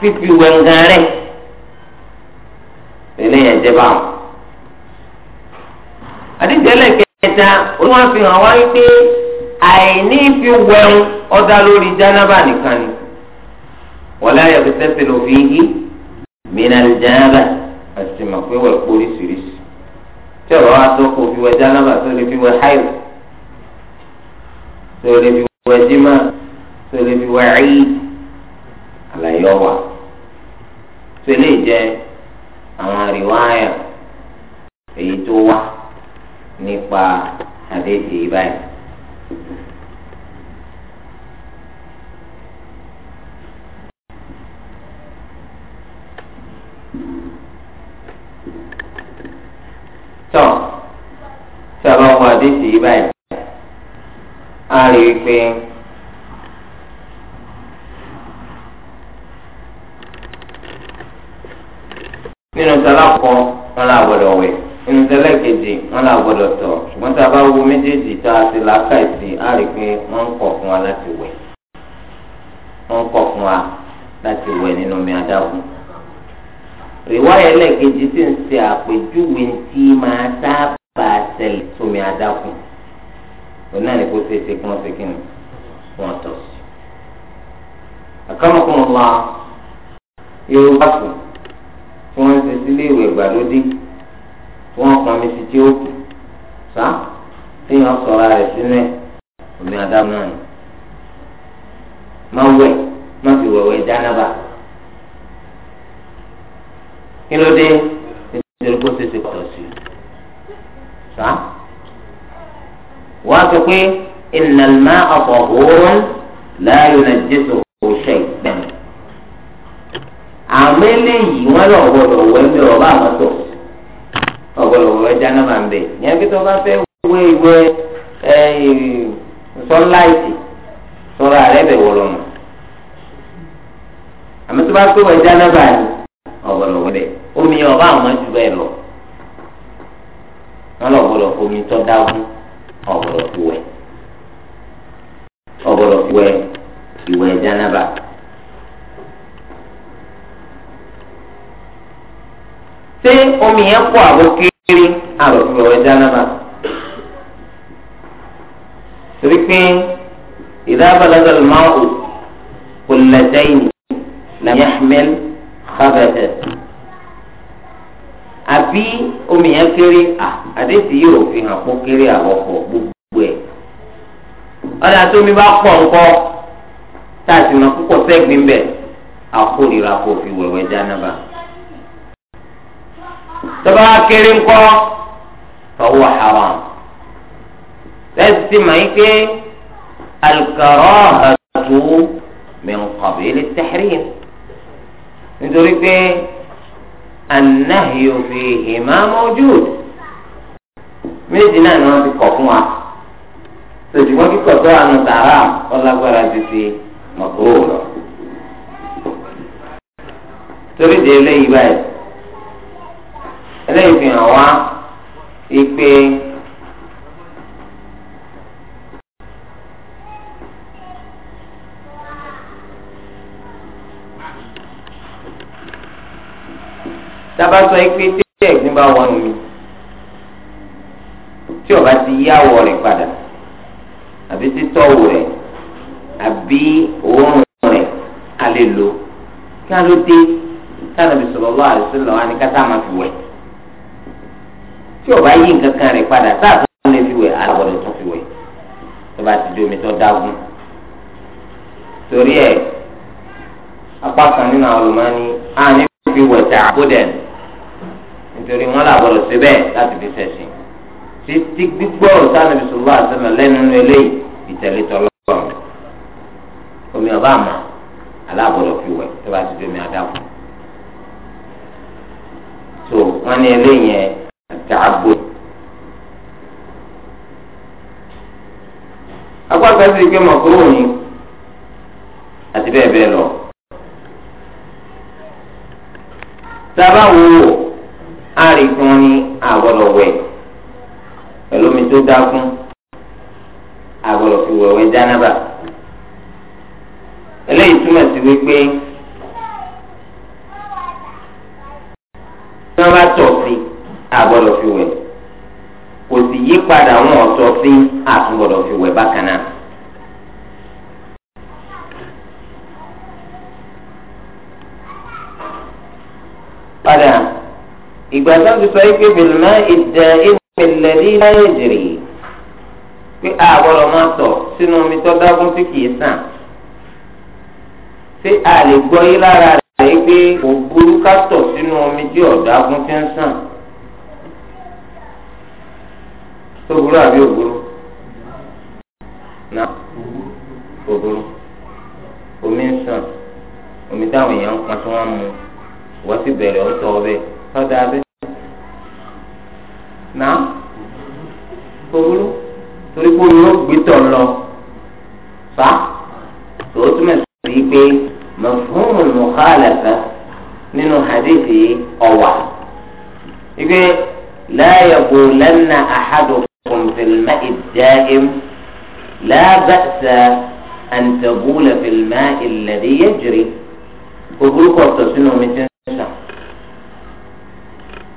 fífi wẹ̀ngàn rẹ̀ eléyàn jẹ́ báwọn. àdìjẹ́lẹ̀ kẹta oníwọ̀n fi hàn wá wípé àìní fi wẹ̀hún ọ̀dà lórí jánábà nìkan ni wọlé ayọ̀bí sẹ́sẹ̀ ló fi yí mìíràn jánábà àti màpéwẹ̀ oríṣiríṣi tí ọ̀rọ̀ wa tó kò fi wẹ̀ jánábà tó lè fi wẹ̀ háìl tó lè fi wẹ̀ jimá tó lè fi wẹ̀ ẹ̀yìn àlàyé ọ̀wà tẹ́lẹ̀ jẹ́ àwọn àríwáyà èyí tó wá nípa àdéhìí báyìí. tọ́ sábà wọ àdéhìí báyìí á rí i pé. nínú tala kọ wọn là gbọ́dọ̀ wẹ̀ nínú tala kejì wọn là gbọ́dọ̀ tọ̀ ṣùgbọ́n tá a bá wo méjèèjì tá a ti làákà ìsì á rí i pé wọ́n ń kọ̀ fún wa láti wẹ̀ wọ́n ń kọ̀ fún wa láti wẹ̀ nínú omi adágún rìwáyà ẹlẹ́ẹ̀kejì sì ń ṣe àpèjúwe tí máa sábà ṣẹlẹ̀ sómi adágún òun náà ní kó ṣe é ṣe kí wọ́n ṣe kí ni wọ́n tọ̀ sí. àkàmọ́kùnrin wa yóò wá sùn tí wọ́n ń ṣe sílé ìwé ìgbàlódé tí wọ́n pọn mi sí tí ó kù sá téèyàn sọra rẹ̀ sínú ẹ̀ omi àdámù náà ni má wẹ̀ má fi wẹ̀wẹ̀ jánábà kí ló dé nítorí kó ṣe pọ̀ sí i sá wọ́n á sọ pé ìnàlmá ọ̀pọ̀ òórùn láàyò nàìjíríà. eléyìí wọn lọ gbọ́dọ̀ wẹ bẹ ọba àwọn tọ ọgbọ́dọ̀ wẹ jáná máa ń bẹ yẹn kí tó bá fẹ́ wẹ ìwẹ ẹ sọláìtì sọ̀rọ̀ àrẹ bẹ wọlọ mọ àmì tó bá pé wẹ jáná báyìí ọgbọ́dọ̀ wẹ bẹ omi ọba àwọn ju bẹ́ẹ̀ lọ wọn lọ gbọ́dọ̀ omi tó dáhùn ọgbọ́dọ̀ fi wẹ ọgbọ́dọ̀ fi wẹ ìwẹ jáná báyìí. ṣé omi yẹn pọ̀ àbò kéré àròkùnrin ọ̀rẹ́ jánábà torí pé ìdábàlágà lọ́wọ́ kò lẹ́dẹ́yìn làyà mẹ́l kábẹ́tẹ̀ àbí omi yẹn kéré àdéhùn yóò fi hàn kó kéré àwọ̀pọ̀ gbogbo ẹ̀ ọ̀dà tó mi bá pọ̀ ńkọ́ tá sì mọ̀ púpọ̀ sẹ́gbìn bẹ̀ àkórira kò fi wẹ̀wẹ̀ jánábà tọ́ba kéré ńkọ́ fọwọ́ haram lẹ́yìn tí màá yí pé al-karahatu min qabil at-tahrim nítorí pé an-nahyu fihima mawjud méjì náà ni wọ́n ti kọ̀ fún wa sòṣùgbọ́n kíkọ̀ tó àánú tààrà ọlágbára ti ti mọ̀kúrò lọ. torí de eléyìí báyìí eléyìí fi hàn wá ipe tabasọ ipe tí ẹ̀gbin bá wọnú mi tí ọba ti yí àwọ̀ rẹ̀ padà àbí títọ́wò rẹ̀ àbí òórùn rẹ̀ a lè lò kí a ló dé kí a lè sọ̀rọ̀ lọ́wọ́ àdìsí lọ́wọ́ àni ká tá máa fi wẹ̀ tí o bá yí nǹkan kan rẹ̀ padà tá a tó lè fi wẹ̀ alábọ̀dọ̀ tó fi wẹ̀ tó bá ti di omi tó dágún. torí ẹ̀ apá kan nínú àwọn olùmọ́ni á ní fi wẹ̀ tà àbúdẹ̀ nítorí wọn làbọ̀dọ̀ sí bẹ́ẹ̀ láti fi sẹ̀sìn. títí gbígbọ́ sani bisimilá sẹ́nà lẹ́nu nínú eléyìí ìtẹ̀lé tọ́lọ́ omi ọba àmà alábọ̀dọ̀ fi wẹ̀ tó bá ti di omi adágún. so wọ́n ní eléyìí yẹn àtàbò. agbáta sì ké mọ̀kúrò yìí àti bẹ́ẹ̀ bẹ́ẹ̀ lọ. sábà wo àríkún ní àgọ́dọ̀ wẹ̀ pẹ̀lú omi tó dákún àgọ́dọ̀ fi wẹ̀wẹ̀ jánábà. eléyìí túmọ̀ sí wípé. tí wọ́n bá tọ̀ sí i àgbọ̀dọ̀ fi wẹ̀ kò sì yí padà wọn ọ̀tọ̀ sí àtúgbọ̀dọ̀ fi wẹ̀ bákan náà. padà ìgbà tó ti sọ pé bìnnà ìdá ìpìlẹ̀ ní nàìjírí pé àgbọ̀dọ̀ máa tọ̀ sínú omi tó dágún tí kìí sàn ṣé a lè gbọ́ yí lára rẹ̀ pé kò burú ká tọ̀ sínú omi tí ọ̀dágún ti ń sàn. tó burú àbí òburú na òburú omi ń sàn omi táwọn èèyàn ń pa tí wọ́n mu wọ́n sì bẹ̀rẹ̀ ọ̀tọ̀ ọbẹ̀ sọ́dà abẹ́ na òburú torí pé omi ó gbé tọ̀ lọ fa tó túmọ̀ sí pé mafhumul mukhalafa nínú hadithi ọ̀wà. ibi láyà kò lẹ́nà àhàdùn. كن في الماء الدائم لا بأس أن تبول في الماء الذي يجري وبروك وتصنع من تنسى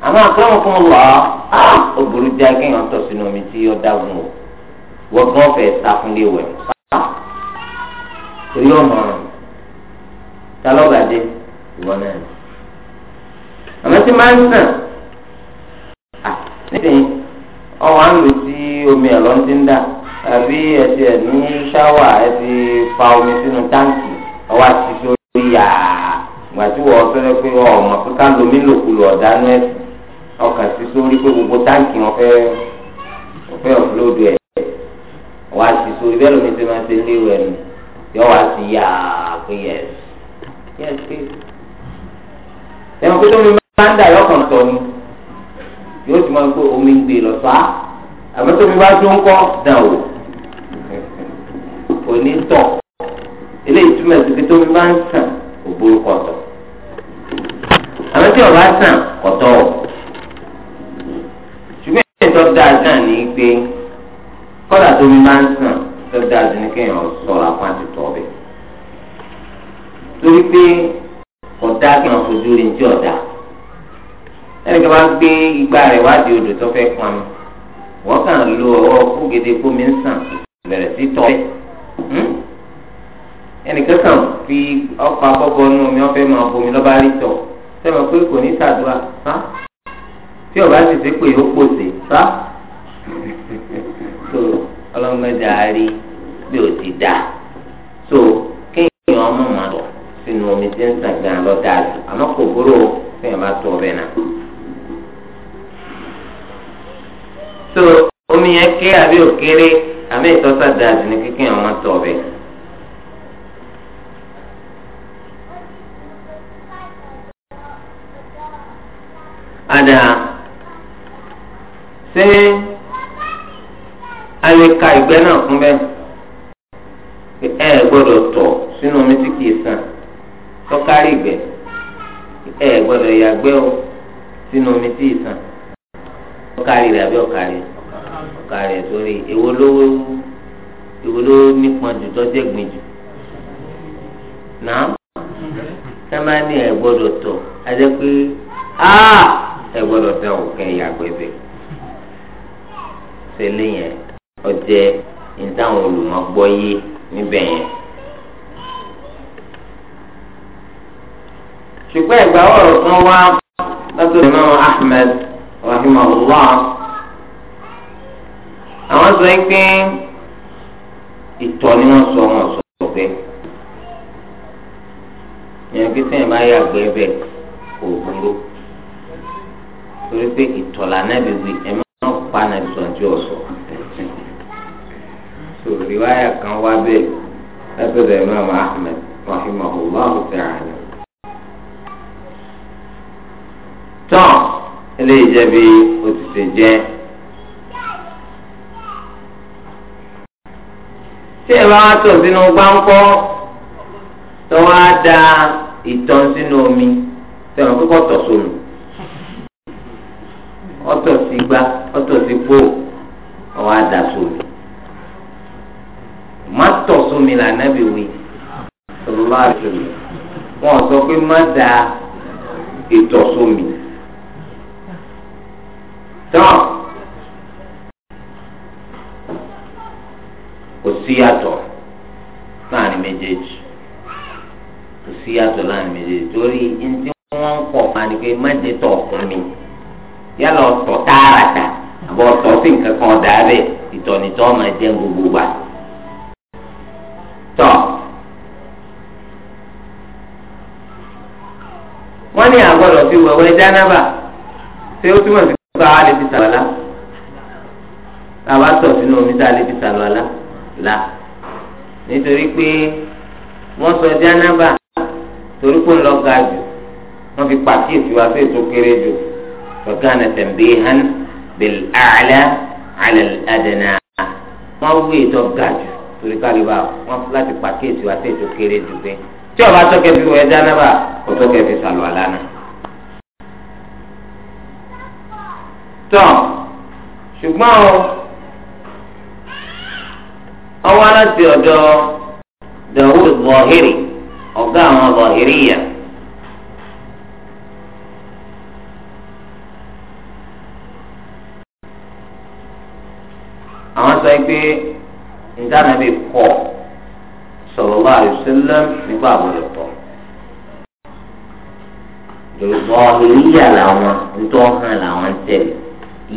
أما أكرمكم الله آه وبروك جاكين وتصنع من تيو داونه وقوم في الساقن دي صح اليوم هنا تلو بعدين ونان أما تمانسا آه نتين أو عمي tí omi ẹ̀rọ ń ti ń dà àbí ẹ̀sìn ẹ̀ ní ṣáwà ẹ̀ ti fa omi sínú táǹkì ọwọ́ àti sórí yàá ìgbà tí wọ́n sọ pé ọmọ kíkà lomi lòkulò ọ̀dánú ẹ̀sìn ọkàn sí sórí pé gbogbo táǹkì wọn fẹ́ wọn fẹ́ ọ̀flóòdù ẹ̀ wọ́n àti sórí bẹ́ẹ̀ lómi ti máa ṣe léwu ẹ̀ nù yọ wá sí yàá pé yẹs yẹs pé ẹ̀rọ pé tómi máa ń dà yọkàn sọ ni yóò ti máa ń pé omi ń gbé lọ sọ àmọ́ tó mi bá tó kọ́ dàn o kò ní tọ̀ eléyìí túmọ̀ sí pé tó mi bá ń sàn kò burú kọ̀ tọ̀ àmọ́ tí ọba sàn kọ̀ tọ̀ o ṣùgbọ́n ìṣẹ̀lẹ̀ tó dáa náà ni pé kọ́dà tó mi bá ń sàn tó dáa sí ni kéèyàn sọ̀rọ̀ apá ti tọ̀ bẹ́ẹ̀ torí pé ọ̀dà kéèyàn fojú rí ní tí ọ̀dà ẹnì kan bá gbé igbá rẹ̀ wádìí odò tó fẹ́ pọn wọ́n kàn lo ọwọ́ fúgede gómi ń sàn bẹ̀rẹ̀ sí tọ́ ẹ hmm? ẹnìkan kàn fi ọkọ̀ akọ́kọ́ nù mí ọ̀fẹ́ máa bomi lọ́ba rí tọ̀ sẹ́wọ̀n pé kò ní sàdúrà sá tí ọba sì ṣe pé ó pòsè sá so ọlọ́mọdé àárí bí ó ti dà so. àbí òkèrè àmì ìtọ́sà dáadì ní kíkẹ́ ọmọ tọ̀ ọ̀bẹ. Ada ṣé a lè ka ìgbẹ́ náà fún bẹ́ẹ̀? Ẹ gbọ́dọ̀ tọ̀ sínú omi tí kìí sàn ìgbẹ́. Ẹ gbọ́dọ̀ yàgbẹ́ o sínú omi tí ì sàn. rẹ̀ àbí tọ́ka rẹ̀ sórí èwo lówó èwo ló nípọn jù tọ́jú ẹ̀gbìn jù náà sábà ní ẹ̀ gbọ́dọ̀ tọ̀ ajẹ́ pé ẹ̀ gbọ́dọ̀ tẹ̀ ọ̀kẹ́ ìyàgbẹ́ bẹ̀ yẹn ọjẹ́ yé níbẹ̀ yẹn. ṣùgbọ́n ẹ̀gbà ọ̀rọ̀ kan àwọn sọ yín pé ìtọ̀ ni wọ́n sọ wọn sọ ọ̀bẹ yẹn pé sẹ́yìn bá yàgbẹ́ bẹ́ẹ̀ kò burú torí pé ìtọ̀ lànà bèbè ẹ̀ máa ń pa nàbì sọ̀rọ̀ tí ò sọ sòrí wáyà kan wá bẹ́ẹ̀ látọ̀dọ̀ Imam Ahmad rahimahullahu ta'ala. tán ilé ìjẹ́bi ó ti ṣe jẹ́. tí ẹ bá wá tọ̀ sínú gbáńkọ́ tó wá da sínú omi tẹ̀wọ̀n kíkọ́ tọ̀ sómi ọtọ̀ sí gbá ọtọ̀ sí pò ọwọ́ àdá sómi má tọ̀ sómi là wí kò sí yàtọ̀ láàrin méjèèjì kò sí yàtọ̀ láàrin méjèèjì torí ntí wọ́n ń pọ̀ máa ní pé má jẹ́ tọ̀ fún mi yálà ọ̀tọ̀ tààràtà àbọ̀ ọ̀tọ̀ sí nǹkan kan ọ̀dà rẹ̀ ìtọ̀nìtọ̀ máa jẹ́ gbogbo wa. tọ́ wọ́n ní àgbọ̀dọ̀ fi wẹ̀wẹ̀ jánábà ṣé ó túmọ̀ sí pé ká lè fi sàlọ́lá tàbá tọ̀ sínú omi tá a lè fi sàlọ́lá là nítorí pé wọ́n sọ jánábà torí pé ń lọ ga jù wọ́n fi pàkíyèsí wa sí ètò kéré jù fọ̀gánà tẹ̀m̀bé hàn bẹ̀l àlẹ́ àlẹ́ àdẹ̀nà wọ́n wí ètò ga jù torí kálíbà wọ́n láti pàkíyèsí wa sí ètò kéré jù pé tí ọba tọ́kẹ́ fi wọ jánábà kò tọ́kẹ́ fi sàlọ̀ àlànà. tọ́ ṣùgbọ́n o. ọwọ́ aláǹtí ọ̀dọ́ dawud zahiri ọ̀gá àwọn zahiriya. àwọn sọ pé ìdánábì kọ sallallahu alaihi wasallam nípa àbúrò tọ zahiriya làwọn ntọ́hàn làwọn ń tẹ̀lé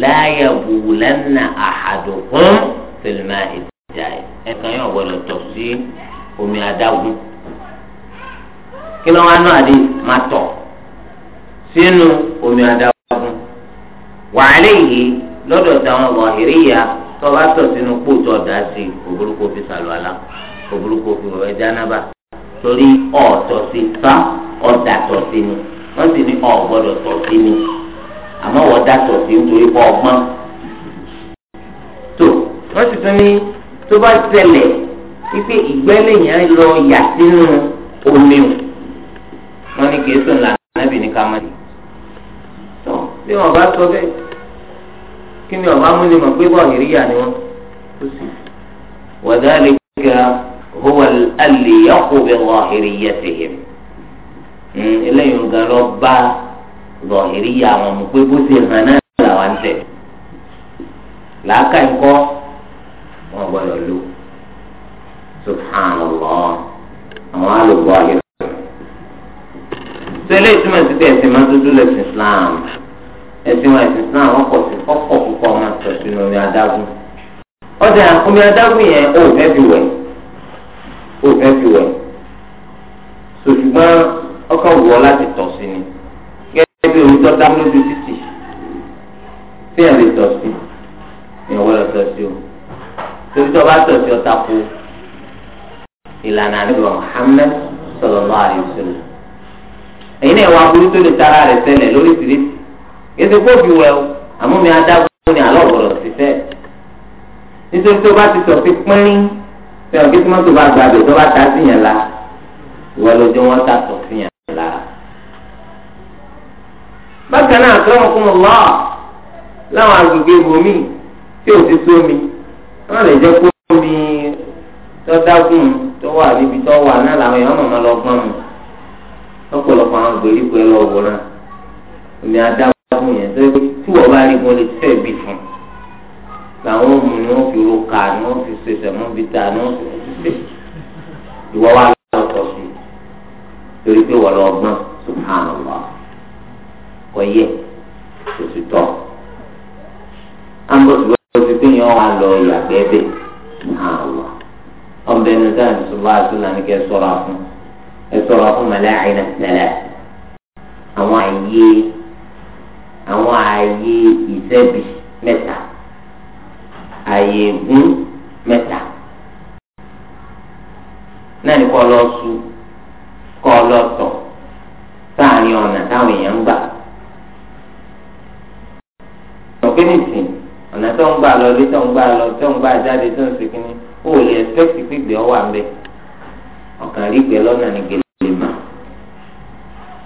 la yabulanna ahadukum fil ma'i jayid. ẹ̀ka yóò gbọdọ̀ tọ̀ sí omi adágún kí ló wá náà di máa tọ̀ sínú omi adágún wàhálẹ̀ yìí lọ́dọ̀ táwọn wàhíríyà tó bá tọ̀ sínú kóòtù ọ̀dà sí òbúrúkọ fi sàlùwàlà òbúrúkọ fi wọ̀ ẹja náà bá torí ọ̀tọ̀ sí fa ọ̀dà tọ̀ sí ni wọ́n sì ní ọ̀gbọ́dọ̀ tọ̀ sí ni àmọ́ wọ́n dà tọ̀ sí nítorí pọ̀ ọgbọ́n tó wọ́n sì tún ní tó bá ṣẹlẹ̀ wípé ìgbẹ́ lèèyàn lọ yà sínú omi o wọn ní kìí sùn lànà nábì ní kámánì tó bí wọn bá sọ bẹ́ẹ̀ kí ni ọba múni mọ̀ pé bọ́ọ̀ ìrìyà ni wọn tó sì wàdálẹ́kà huwa alì yàkó bẹ wọ́n ìrìyà tìhìm eléyìí ń gan bá lọ ìrìyà wọn mọ̀ pé bó ṣe hàn náà làwọn tẹ̀ làákà ń kọ́ wọn gbọ́dọ̀ lò subhanallah àwọn alùpùpù ayé. sẹ́lẹ̀ ìtumọ̀ sí pé ẹ̀sìn máa dúdú lẹ́sìn Islam ẹ̀sìn wọn ẹ̀sìn Islam wọn pọ̀ sí ọ̀pọ̀ púpọ̀ máa sọ sínú omi adágún. ọjà omi adágún yẹn ó fẹ́ fi wẹ̀ ó fẹ́ fi wẹ̀ ṣùgbọ́n ọkọ̀ wù ọ láti tọ̀ sí ni gẹ́gẹ́ bí omi tó dá lójú títì tí lè tọ̀ sí ìyẹn wọ́n tọ̀ sí o torí tí ọba tọ̀sí ọ̀tà kú ìlànà àdúgbò Muhammad sallallahu alaihi wasallam ẹ̀yin náà wà burú tó lè tara rẹ̀ sẹ́lẹ̀ lórí tìrìtì yéésì kó fi wẹ̀ o àmú mi adágún ni àlọ́ ọ̀rọ̀ ti fẹ́ nítorí tó bá ti sọ sí pínrín fẹ́ràn kí tòmátò bá gba àbẹ̀ tó bá ta sí yẹn la ìwọ lójú wọn ta sọ sí yẹn la. bákan náà àtúrọ̀ fún láwọn agbègbè ibòmíì tí ò wọn lè jẹ́ pé omi tọ́dágùn tó wà níbi tó wà náà làwọn èèyàn mọ̀mọ́ lọ gbọ́n mu lọ́pọ̀lọpọ̀ àwọn gbèríko ẹ lọ wò náà omi adágún yẹn tó yẹ tí wọ́n bá rí wọn lè fẹ́ bí fún làwọn òmù ni wọ́n fi ro kà ni wọ́n fi ṣe sẹ̀mọ́ bí ta ni wọ́n fi ṣe ìwọ́ wa lọ́tọ̀ sí torí pé wọ́n lọ gbọ́n subhanallah kò yẹ kò sì tọ́ ambos kéèyàn wà lọ ìyàgbẹ́ bẹ̀ àwọ̀ ọ̀bẹ ní sáà ṣùgbọ́n àtúnà ní kẹ́ sọ̀rọ̀ fún ẹ sọ̀rọ̀ fún mẹ́lẹ́ àyìnà tẹ̀lẹ̀ àwọn àyè àwọn àyè ìṣẹ́bì mẹ́ta àyè ègún mẹ́ta náà ní kọ́ lọ sùn kọ́ lọ tọ̀ sáàrin ọ̀nà táwọn èèyàn ọ̀nà tó ń gbà lọ ilé tó ń gbà lọ tó ń gbà jáde tó ń ṣe kínní ó lè ẹ̀sìpẹ́kì pípẹ́ ọ wà mbẹ́ ọ̀kàn rí gbẹ lọ́nà ní gèlè mà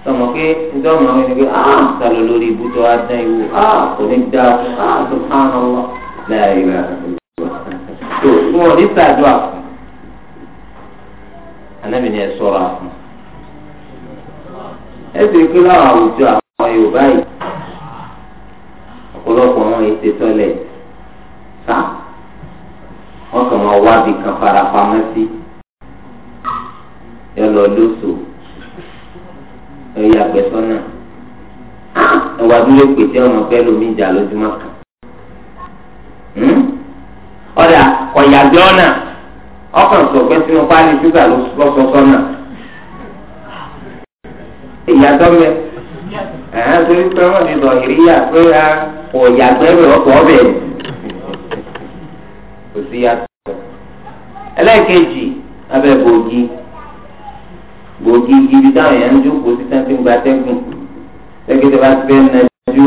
tọmọ pé ǹjọ́ màá wí ni pé ah ta ló lórí ibú tó wá dán ìwò ah kò ní dá o ah tó kán ọ wá láàyè rà tó fún ọ ní sàdúrà fún anábìnrin ẹ sọ̀rọ̀ àfún ẹ sì pé láwọn àwùjọ àwọn Yorùbá yìí ọ̀pọ̀lọpọ̀ wọn ètè tọ́lẹ̀ sá wọ́n kàn máa wá bí kan farapamọ́ sí ẹ lọ lóṣù ẹ yà gbẹ́sọ́nà ẹ wá dúró pèsè ọmọ fẹ́ lómi ìjà lójúmọ́ kan hmm? ọ̀dà ọ̀yàgbé ọ̀nà ọkàn sọ̀gbẹ́ sínú páálí ṣúgà lọ́sọ̀ọ́sọ́ náà ìyàtọ̀ mẹ́ ẹ̀hán torí pé wọ́n ti lọ ìríyà pé a. Ah, kò yàgbẹ́ lọ́pọ̀ ọbẹ̀ kò sí yàtọ̀. ẹlẹ́ẹ̀kejì abẹ́ bòógì bòógì gidi táwọn èèyàn ń jókòó sí sáńtì gba tẹ́gùn tẹ́gẹ́tẹ́ bá ti fẹ́ nàjú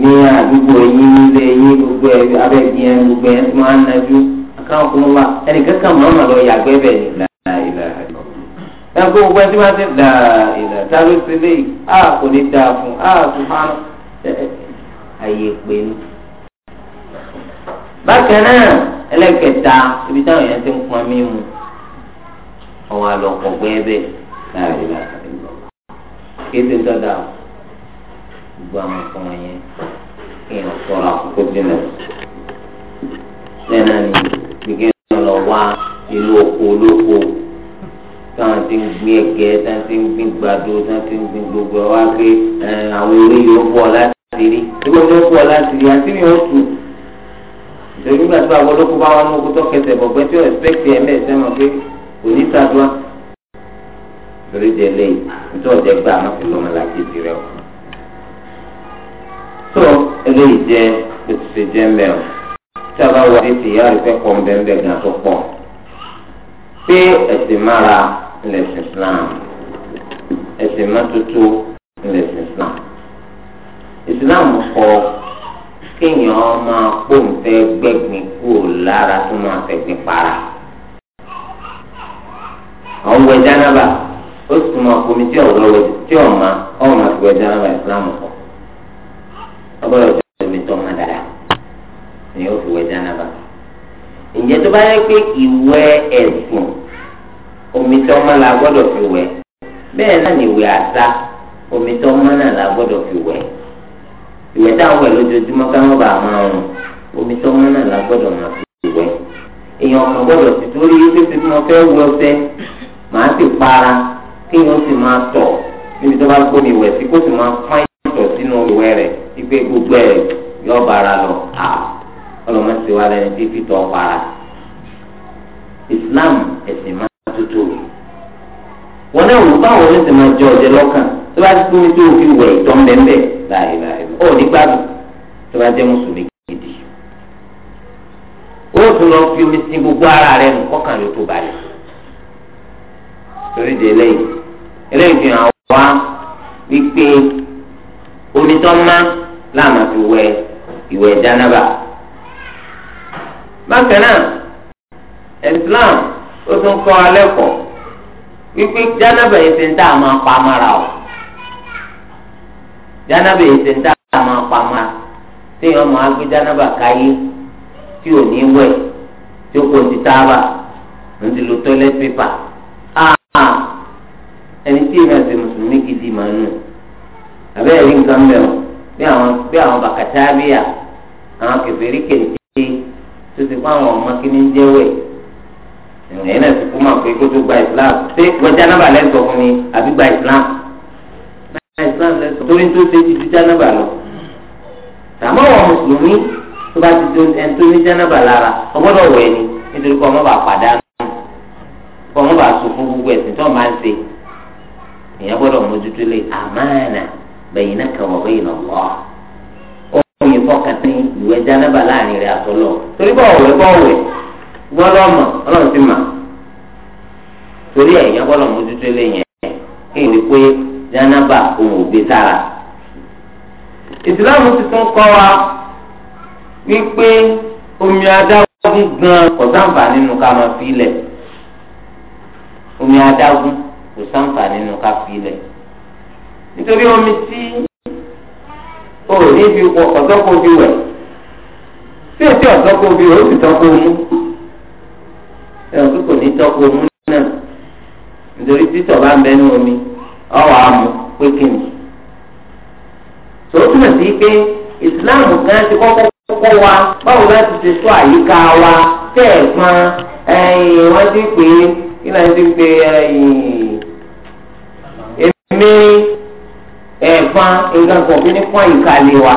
ní àdúgbò yín nílé yín gbogbo ẹ̀ abẹ́ yín gbogbo ẹ̀ máa ń nàjú akáwọn kò wá ẹnìkan kan mọ̀ọ́mọ̀ lọ yàgbẹ́ bẹ̀ ní ẹgbẹ́ gbogbo ẹtí ti lé yìí a kò ní dáa fún a ayé pé ní. bákan náà ẹlẹ́kẹta ibi táwọn èèyàn ti ń pọn mí mu ọ̀hún àlọ́kọ̀ gbẹ́ẹ́bẹ́ láàrin láàrin lọ́wọ́. kéde dọ́dà gbogbo àwọn nǹkan wọ̀nyẹn kéèyàn sọ̀rọ̀ àkókò dínà. lẹ́nà ni gbígbé lọ wá ìlú oko olóko táwọn ti ń gbin ẹ̀gẹ́ táwọn ti ń gbin gbàdo táwọn ti ń gbin gbogbo ẹ̀ wá pé àwọn eré yóò bọ̀ láti àṣírí ìwé ló kú ọ láṣírí àṣírí ó tù ìṣèlú náà tó àwọn olókùn bá wọn mú kó tó kẹsẹ̀ bọ̀gbẹ́ tí ó ẹ̀sìpẹ́kì ẹ̀mẹ́ ẹ̀sẹ̀ mọ̀ pé kò ní sàdúrà lórí jẹ lẹ́yìn nítorí ọ̀jẹ̀ gbà má fi lọ́mọ láti ti rẹ̀ o. tó eléyìí jẹ ètùtù jẹ mẹ́ọ̀ tí a bá wọ adé ti yára ìfẹ́ pọ̀ nbẹ́nbẹ́ gan tó pọ̀ pé ẹ̀sìn mára ńlẹ̀sìn Islam ẹ̀sìn má ńlẹ̀sìn Islam ìsìláàmù kọ kéèyàn máa pòǹfẹ́ gbẹ̀gbìn kúrò lára tó máa fẹ̀gbìn para. àwọn wẹ̀ jánábà ó sì tún máa pomi tí ọ̀rọ̀ wẹ̀ tí ọ̀ma ọ̀ma fi wẹ̀ jánábà ìsìláàmù kọ. ọgbọ́dọ̀ tó omi tó máa dára ni ó fi wẹ̀ jánábà. ìyẹn tó bá yẹ pé ìwẹ̀ ẹ̀sìn omi tó máa la gbọ́dọ̀ fi wẹ̀ bẹ́ẹ̀ náà ni ìwẹ̀ àṣà omi tó máa náà la gbọ́dọ̀ fi wẹ̀ ìwẹ̀ tá à ń wẹ̀ lójoojúmọ́ ká má bàa máa rùn omi tó mọ́ náà la gbọ́dọ̀ máa fi wẹ̀ èèyàn kan gbọ́dọ̀ ti torí pépé tí wọ́n fẹ́ wọ ọṣẹ màá sì para kéèyàn sì máa tọ̀ níbi tó bá gbómi wẹ̀ sí kó sì máa fáìn tọ̀ sínú ìwẹ̀ rẹ̀ wípé gbogbo ẹ̀ yọ bara lọ ọlọ́mọ sì wà lẹ́ni tí fi tọ̀ para Islam ẹ̀sìn máa tutù wọn náà wò báwo ló ti máa jẹ ọjẹ lọ́kàn tó bá ti kú ní tó o fi wẹ̀ ìtọ́ mbẹ́mbẹ́ láàyè láàyè ó ní gbádùn tó bá jẹ́ mùsùlùmí gidi. ó tún lọ fi omi sin gbogbo ara rẹ nù kọ́kàn ló tó balẹ̀. torí de eléyìí eléyìí fi hàn wá wípé omi tó ń má láàmú fi wẹ ìwẹ̀ jánábà. bákan náà Islam ó tún kọ́ alẹ́ kọ̀ wípé jánábà yìí ti ń dá a máa pa o jánábà èsè ń dá àmọ́ pamọ́ téèyàn máa gbé jánábà káyé tí ò ní wẹ̀ tí ó kò ti tábà ń ti lo toilet paper ẹni tí èèyàn ti mùsùlùmí gidi màá nù àbẹ́rẹ́ rí nǹkan mẹ́wọ̀n bí àwọn bí àwọn bàkàtà bíyà àwọn kẹfẹ́rí kẹ̀ǹtì tó ti kó àwọn ọmọ kíní jẹ́wẹ̀ ẹ̀yìn náà ti kú mọ̀ pé kó tó gba Islam ṣé wọ́n jánábà lẹ́sọ̀ fún mi àbí gba Islam. islam lẹsùn torí tó ṣe ti di jánàbà lọ tàmọ́ àwọn mùsùlùmí tó bá ti di ẹni tó ní jánàbà lára ọgbọ́dọ̀ wẹ̀ ni nítorí kọ́ ọmọ bá pàdánù kọ́ ọmọ bá sùn fún gbogbo tó máa ń ṣe èèyàn mójútó lé náà kàn náà yìí fọkàn ìwé jánàbà láàrin jánábà òun ò sára. ìsìláàmù kọ́ wa wípé omi adágún gan kò sáǹfà nínú ká omi adágún kò sáǹfà nínú ká fi omi tí o ò ní fi ọ̀dọ́ kó fi wẹ̀ tí o ti ọ̀dọ́ kó wẹ̀ o sì ní omi. ọwọ́ àmú pékinì. tó túmọ̀ sí pé ìsìláàmù gan ti kọ́kọ́ kọ́kọ́ wa báwo láti ti sọ àyíká wa tẹ̀ ẹ̀gbọ́n ẹ̀yìn wọ́n ti pè é kí náà ti pè é èmi ẹ̀gbọ́n nǹkan kan fi ní fún àyíká lé wa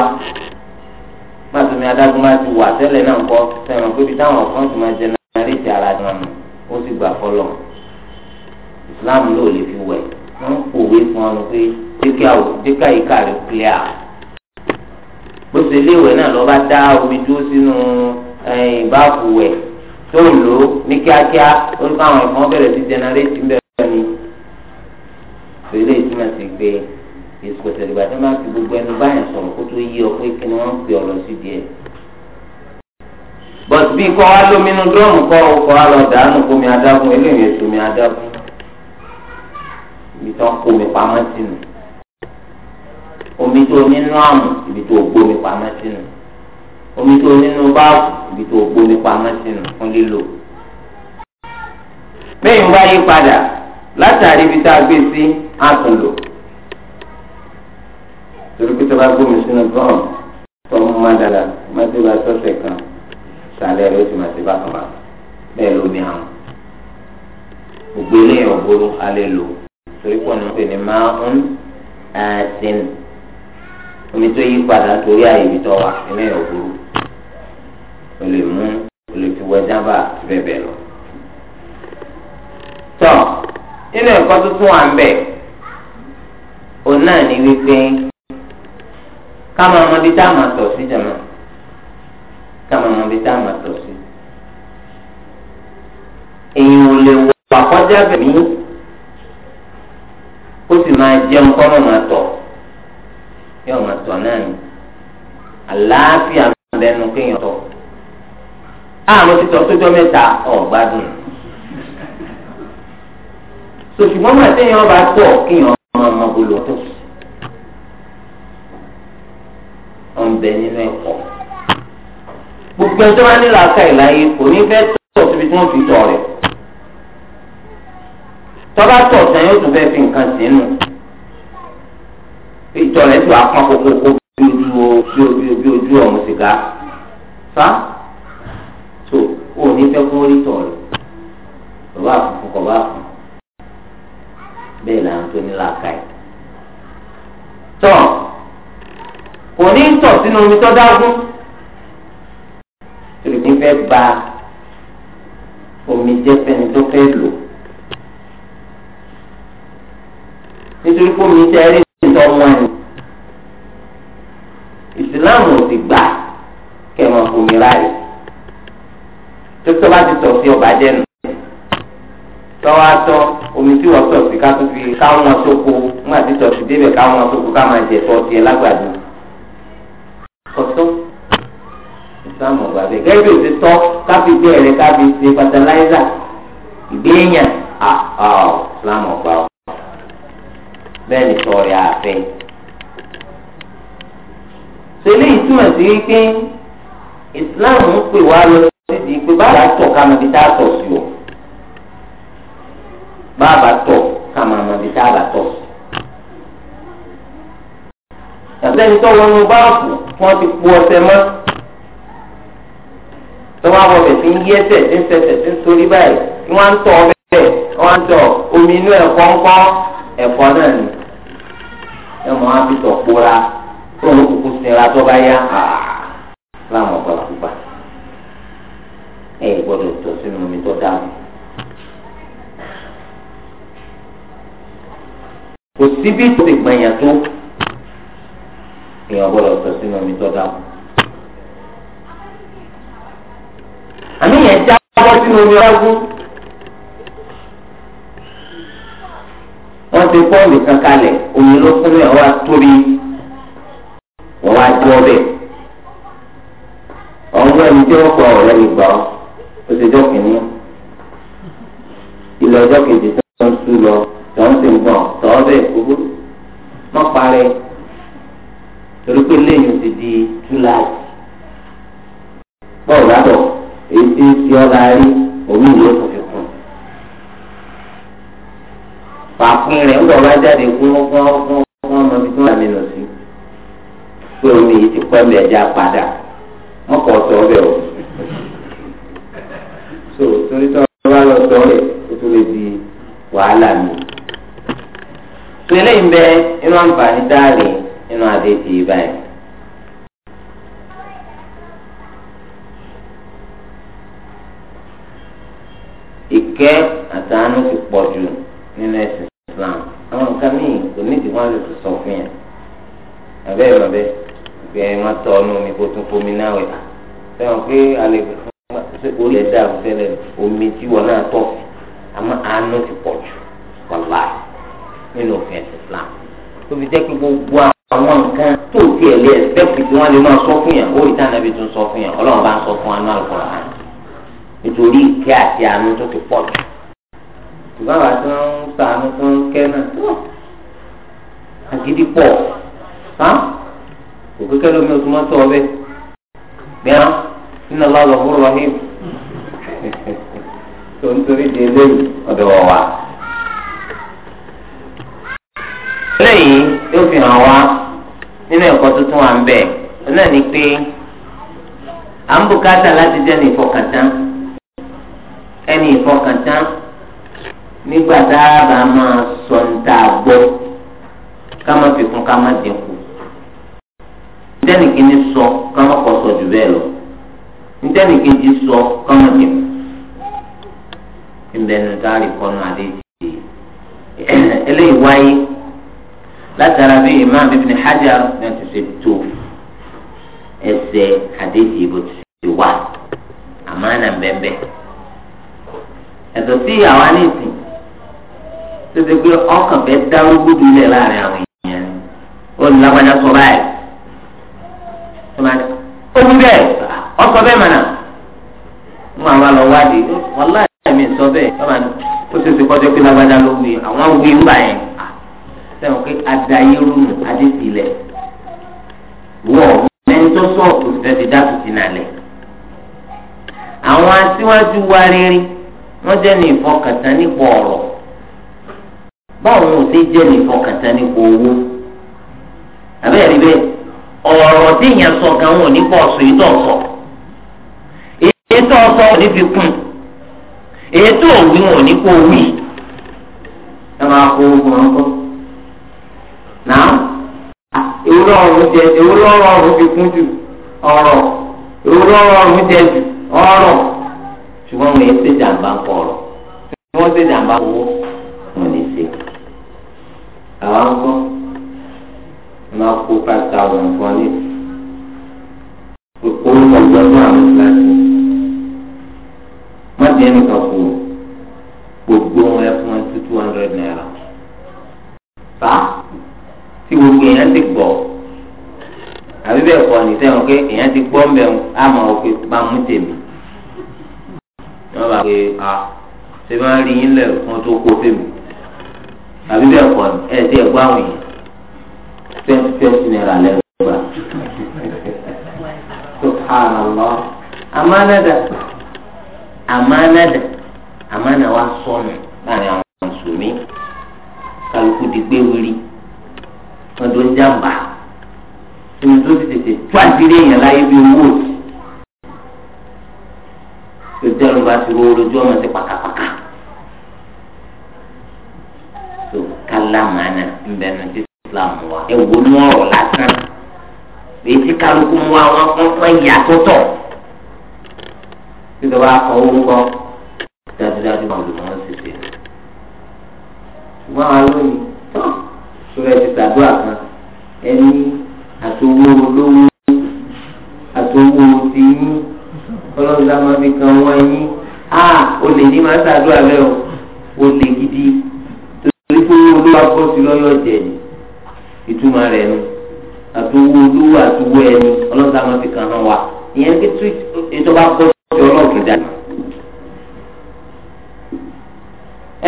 adágún máa ti wà tẹ́lẹ̀ náà ń kọ́ sẹ́wọ̀n wọ́n ń pòwe fún ọ lọ pé díkà ìka rẹ̀ clear bó ṣe léwẹ̀ náà lọ́ba dá omi dúró sínú ìbáàbù wẹ̀ tó ń lò ní kíákíá orúkọ àwọn ẹ̀fọn bẹ̀rẹ̀ sí jẹnẹrétì bẹ̀rẹ̀ ni ìrẹ̀lẹ̀ ìtumọ̀ sí pé ìsòkòtò ìgbà tó máa fi gbogbo ẹnu báyìí sọ̀rọ̀ kó tó yí ọ pé kí ni wọ́n ń pè sí díẹ̀ bọ̀t kọ́ wá lóminú dúrọ́ọ̀mù kọ́ ọkọ̀ alọ̀ dànù kómi adágún eléyìí ètò mi adágún ibi tó ń kó mi pamọ́ sínú omi tó nínú àmù ibi o gbó mi pamọ́ sínú omi tó nínú báàbù ibi o gbó mi pamọ́ sínú fún lílò. bẹ́ẹ̀ ń wáyé padà látàrí ibi tá a gbé sí àtúnlò torí pé tó bá gbó mi sínú drum tó ń má dada má ti bá sọ́sẹ̀ kan sálẹ̀ rẹ̀ ó sì má ti bá kan bá bẹ́ẹ̀ lómi àwọn gbogbo eléyàn burú alẹ́ lò torí pọ̀ ní pè ní máa ń àtìn omi tó yí padà torí àyè ibi tó wà nínú ẹ̀yọ̀ burú o lè mú o lè fi wẹ dábà bẹ́ẹ̀ bẹ́ẹ̀ lọ. tọ́ nínú ẹ̀kọ́ tuntun wà ń bẹ̀ òun náà ní wípé ká máa mọ ibi tá a máa tọ̀ sí jàmá ká máa mọ ibi tá a máa tọ̀ sí. èèyàn ò lè wà kọjá bẹ̀mí ó sì máa jẹun kọ́ máa tọ̀ yóò máa tọ̀ náà ni àlàáfíà lẹ́nu kéèyàn tọ̀ àrùn ah, títọ́ sójọ́ mẹ́ta ọ̀gbádùn sòṣùgbọ́n máa tẹ̀yìn ọba tọ̀ kéèyàn ọmọ ọmọ gbolo tó ọ̀nbẹ nínú ẹ̀kọ́ gbogbo ẹjọ́ wa nílò àkàìláyé kò ní fẹ́ tọ̀ síbi tí wọ́n fi tọ̀ rẹ̀ tọ́ba tọ̀ sẹ́yìn yóò tún fẹ́ fi nǹkan sínú ìtọ̀ rẹ̀ tó apá kókókó bí ojú bí ojú ọ̀mù sìgá fa tó o ní fẹ́ kó rí tọ̀ rẹ̀ bàbá àfọ̀fọ̀ kọ̀bá àfọ̀ bẹ́ẹ̀ là tó ní làákàyè tọ̀ kò ní tọ̀ sínú omi tó dágún tòlùmí fẹ́ ba omi jẹ́ fẹ́ni tó fẹ́ tẹ́rí ìtọ́ wọn ni ìsìláàmù ò sì gbà kẹmọ omi ráàyè tókítọ́ bá ti tọ̀ sí ọba jẹ́nu tọ́wọ́ atọ́ omi tí wọ́n tọ̀ sí ká tó fi káwọn sóko wọn àti tọ̀ sí débẹ̀ káwọn sóko ká máa jẹ tọ́ tiẹ̀ lágbàdo kọ́tọ́ ìsìláàmù ọ̀gbà bẹ́ẹ̀ gẹ́gẹ́ bí o ti tọ́ káfí jẹ́ ẹ̀rẹ́ káfí ṣe fataláísà ìgbéyàn àà ah, ah, ìsìláàmù ọ̀gbà ọ̀ bẹ́ẹ̀ ni sọ̀rọ̀ àfẹ́. sẹ́lẹ̀ ìtumọ̀ sí wípé Islam ń pè wá lọ síbi pé bàbá tọ̀ ká mọ̀ bí tá a tọ̀ sí o bàbá tọ̀ ká mọ̀ mọ̀ bí tá a bà tọ̀ sí. yàtọ̀ ẹni tó wọnú báàpù tí wọ́n ti po ọṣẹ mọ́ tó wá wọ bẹ̀ sí ń yí ẹsẹ̀ tí ń sẹsẹ̀ tí ń sorí báyìí wọ́n á ń tọ̀ ọ bẹ́ẹ̀ wọ́n á ń tọ̀ omi inú ẹ̀ kọ́ńkọ́ ẹ̀fọ́ náà ni ẹ mọ àti tọ̀kpóra tó ń kúkú sinra tó bá yá àá láwọn ọ̀gbọ̀n kúpa ẹ gbọ́dọ̀ tọ̀ sínú omi tó dáhùn. kò síbi tó lè gbọ̀nyà tó èèyàn gbọ́dọ̀ tọ̀ sínú omi tó dáhùn. àmì yẹn já bọ́ sínú omi ọ̀gbọ́n. wọ́n ti kọ́ nìkan kalẹ̀ omi ló kún mẹ́ wá tóbi wọ́n wá jọ bẹ́ẹ̀ ọ̀gbọ́n ẹni tí wọ́n kọ́ ọ̀rẹ́ mi gbà ọ́ ó ti jọ́ kìíní ilẹ̀ ọjọ́ kejì tó ń sú lọ tó ń sì gbọ̀n tó ń bẹ̀ gbogbo má parẹ́ torí pé lẹ́yìn ti di túláàsì bọ́ọ̀lù àbọ̀ èyí tí ń fi ọ́ la rí òun ìlú ọ̀tọ̀. pàápín rẹ̀ ńgbọ̀ bá jáde kó wọ́n wọ́n mọ ibi sí. pé omi yìí ti o. so torí wọ́n bá lọ sọ rẹ̀ ó tún lè di wàhálà mi. inú àǹfààní inú adé ti yí báyìí. ìkẹ́ àtàánú ti pọ̀ jù nínú nǹkan míì kò ní ìdíwọ́n lè fi sọ fún yẹn abẹ́ ẹ̀ bàbẹ́ ìgbẹ́ ẹ̀ máa tọ́ ọ́nú mi kó tún fomi náà wẹ̀ fẹ́ràn pé alẹ́ ó lè dá àfẹ́lẹ́ omi tí wọn náà tọ̀ àmọ́ àánú ti pọ̀ jù wàlá nínú òfin ẹ̀sìn Islam tó fi jẹ́ pé gbogbo àwọn nǹkan tó ti ẹ̀ lé ẹ̀sẹ̀ pé tí wọ́n lè máa sọ fún yàn ó ìtàn nàbí tún sọ fún yàn ọlọ́run bá ń sọ fún anú àlùkòrò hàn nítorí ìkẹ́ àti àánú tó ti pọ̀ jù ìbáwá tí wọ́n ń sàánú tó ń kẹ́ náà tó agídí pọ̀ á kò pé kẹ́lẹ́ omi òtún máa tọ̀ ọbẹ̀ bí á rahim tó ń torí di eléyìí ọ̀dọ̀ wa. eléyìí yóò fi hàn wá nínú ẹ̀kọ́ tuntun wa ń bẹ̀ ni pé à ń bùkátà láti jẹ́ ní ìfọkàntán ẹni ìfọkàntán nígbà a bá sọ Kama má fi kún ká má dín kù ntẹ́ni kìíní sọ ká má kọ́ sọ jù bẹ́ẹ̀ lọ ntẹ́ni kejì sọ ká má dín kù ìbẹ̀nu dárí kọ́nu adé ti eléyìí wáyé látara bí imam ibn hajar náà ti ṣe tó ẹsẹ̀ adé ti bó ti ṣe wá àmàna bẹ́ẹ̀ ẹ̀tọ́ sí àwọn àníìsìn ti pé ọkàn fẹ́ dá rúgbùdù lẹ̀ láàrin àwọn èèyàn. olùlágbájá sọ báyìí ó ní bẹ́ẹ̀ ọsọ bẹ́ẹ̀ mọ̀nà mo àwọn àlọ́ wádìí wàlá ẹ̀mí sọ bẹ́ẹ̀ ọba ní ó ti ti kọjọ́ pé lágbájá ló wí àwọn wí ń bà yẹn sẹ́wọ̀n pé adayé rúnù adé tilẹ̀ wọ̀ ti àwọn aṣíwájú wọ́n jẹ́ ní ìfọkàntán nípa ọ̀rọ̀ ò sí jẹ́ ní ìfọkàntán nípa owó. àbẹ́yẹ rí bẹ́ẹ̀ ọ̀rọ̀ sọ gan wọn ò ní pọ̀ sọ n'ifikun tó sọ èyí ò ní fi kún èyí tó wọn ò ní kó wí ẹ máa kó ogun ọkọ náà ewúrọ̀ ọ̀run jẹ ewúrọ̀ ọ̀run wọn ṣe ọ̀rọ̀ ṣe máa kó five thousand fún ní orúkọ gbọ́dọ̀ àwọn kíláàsì má dín ẹnì kan kú gbogbo wọn ẹ fún ẹ sí two hundred naira fa tí gbogbo èèyàn ti gbọ́ àbí bẹ́ẹ̀ kọ́ ní sẹ́wọ̀n pé èèyàn ti gbọ́ mbẹ́ ń á máa mú tèmi wọ́n bá pé a ṣe máa rí yín lẹ̀ fún tó kó fèmí àbí bẹ́ẹ̀ kọ́ ẹ̀ tí ẹ̀ gbọ́ àwọn twenty twenty naira lẹ́gbàá subhanallah amánádà amánádà amánà wa sọnù láàrin àwọn mùsùlùmí kálukú ti gbé wíri wọn tó ń jàǹbá ẹni tó ti tètè tó àdírí èèyàn láyé bí owó tí tó dẹrù bá ti rówó lójú ọmọ ti pàkàpàkà tó kálámánà ń bẹnu títí islam wa ẹ wo ní ọ̀rọ̀ lásán èyí tí kálukú mu wa wọn kún fún ẹyà tó tọ títí wàá kọ orúkọ dájúdájú máa lò wọn sì ṣe ṣùgbọ́n àwọn lónìí tó ṣùgbọ́n ẹ ti ṣàdúrà kan ẹni àtòwò olówó àtòwò ti yín ọlọ́run dá máa fi kan wọ́n yín á olè ní máa ṣàdúrà bẹ́ẹ̀ o olè gidi torí pé olówó abọ́sí jẹ̀ ni ìtumọ̀ rẹ̀ nu àtúwò olúwo àtúwò ẹni ọlọ́sà máa fi kàn án wa ìyẹn kí tí ìjọba kọ́ sí ọlọ́ọ̀kì dànù.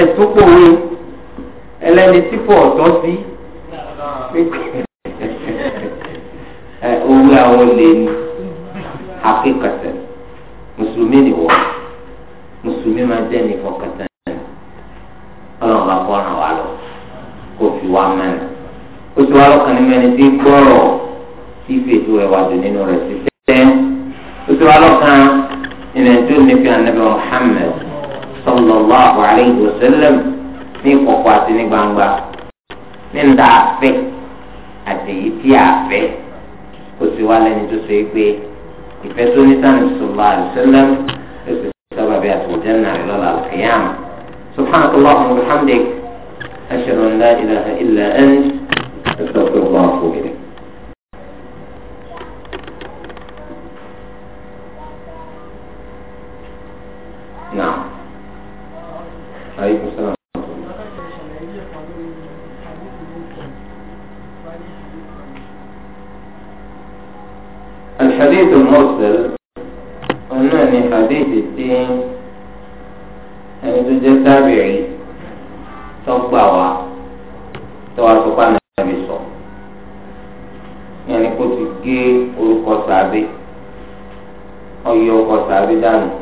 ẹ̀sùn pòwe ẹlẹ́ni tí kò ọ̀tọ́ sí owó àwọn olè ní akíkàtà mùsùlùmí ni wọ́n mùsùlùmí máa jẹ́ ní ìfọkàtà ọlọ́run bá kọ́ ràn wá lọ kó fi wá mẹ́rin ó ti wá lọ́kàn nínú ẹni tí gbọ́rọ̀ tí fètò ẹ̀wà dùn nínú rẹ̀ sí sẹ́yìn ó ti wá lọ́kàn nínú ẹni tó nífi ànábì Muhammad sallallahu alayhi wa sallam ní kọ̀kọ̀ àti ní gbangba ní ndà àfẹ́ àti èyí tí àfẹ́ ó ti wá lẹ́ni tó sọ pé ìfẹ́ tó ní sànù sallallahu alayhi wa sábà bí àtúntẹ̀ lọ́la al-qiyamah subhanallahu wa bihamdik استغفر الله واتوب اليه نعم عليكم السلام الحديث المرسل قلنا ان حديث الدين يعني تجد تابعي dànù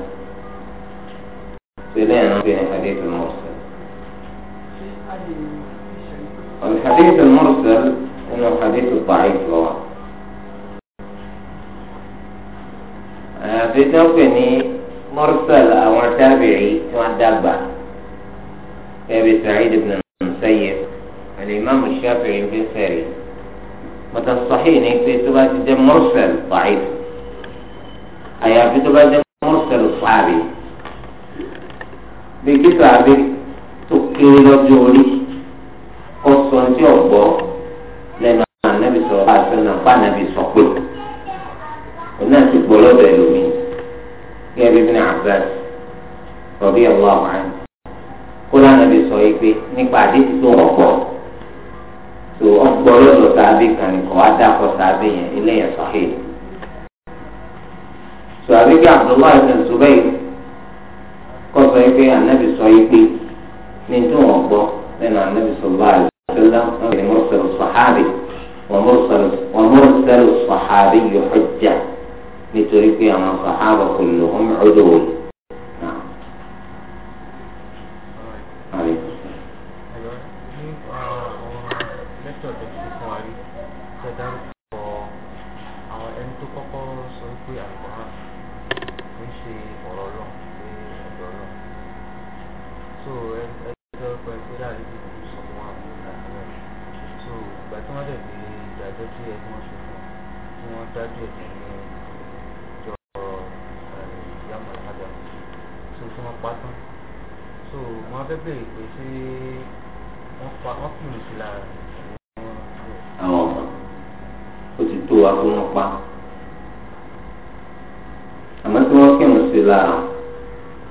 sí lára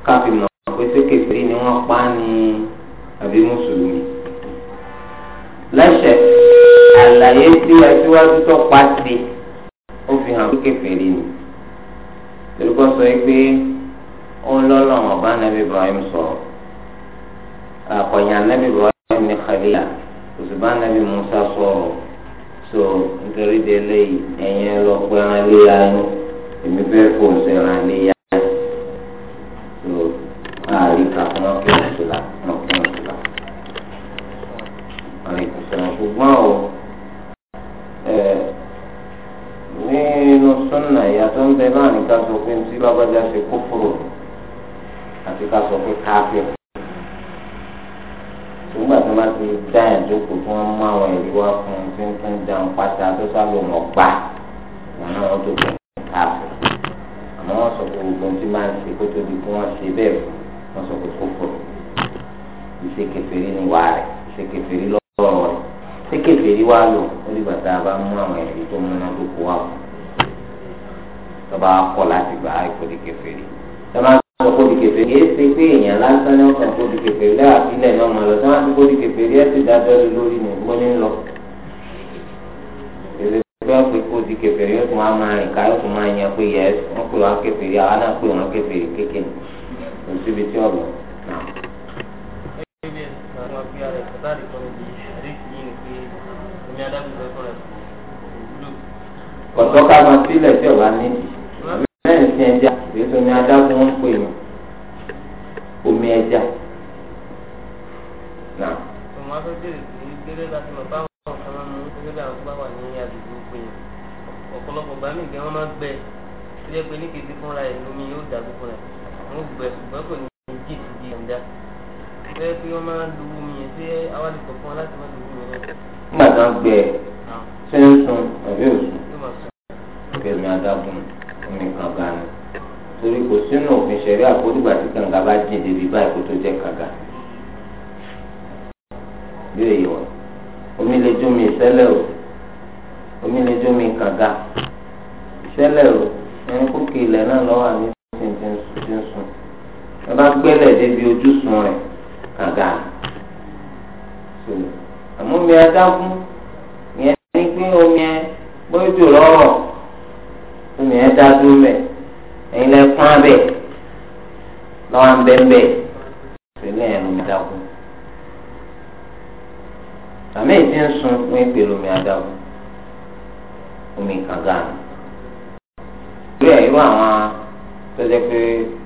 káfí mọ̀ pé ni wọ́n pa ní àbí mùsùlùmí. lẹ́sẹ̀ àlàyé tí aṣíwájú tó pa sí ó fi hàn pé kèfèrí ni tolukọ sọ yìí pé ó ń lọ́lọ́ ọ̀bá nàbí Ibrahim sọ̀rọ̀ àkọ̀yàn nàbí Ibrahim ní khalila òṣùbá nàbí Musa sọ̀rọ̀ so nítorí délé ẹ̀yìn ẹ̀ lọ́ọ́ pẹ́ran léyà yín èmi fẹ́ kó o ṣẹ̀ràn léyà. fẹ́ lórí mi mo ní lọ. èlé pé wọ́n pe kó di kẹfẹ́rì yóò tún wá máa rìn ká yóò tún máa yan pé yẹ wọ́n pe wọ́n kẹfẹ́rì àwa náà pé wọ́n kẹfẹ́rì kékeré kò síbi tí ọ̀bọ̀ kọ̀tọ́ ká lọ sílẹ̀ tí ọ̀bá ní. bá gbẹ́lẹ̀ débi ojúsùn rẹ̀ kàga so àmọ́ mi adágún yẹn ní pé omi ẹ gbójú lọ́rọ̀ omi ẹ dá dúró mẹ́ ẹ̀yin lẹ pọ́n abẹ lọ́wọ́ ń sílẹ̀ ẹ̀ lómi adágún àmì ìdí ń sun pè lómi omi kàga àwọn. tọ́jẹ́ pé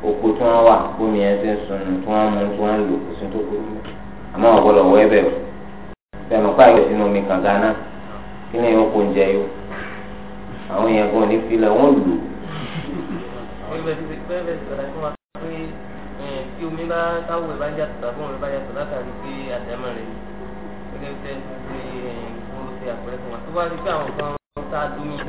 oko tí wọ́n wà bómi yẹn ti ń sunu tí wọ́n mú tí wọ́n lò kò sí tó burú mi àmọ́ ọ̀gbọ́dọ̀ wọ ẹbẹ̀ o fẹ̀mọ̀ pa ìwé sínú omi kànga náà kí ni ìwọ́n kò ń jẹ yó àwọn èèyàn kan ò ní filẹ̀ wọ́n lò. tí omi bá táwọn ìbá yàtọ̀ tàbí omi bá yàtọ̀ látàrí pé àtẹ̀mọ̀ rẹ̀ gẹ́gẹ́ bí ẹ̀ ń ṣe ìfowópamọ́ àti wá sí pé àwọn kan tá a dúró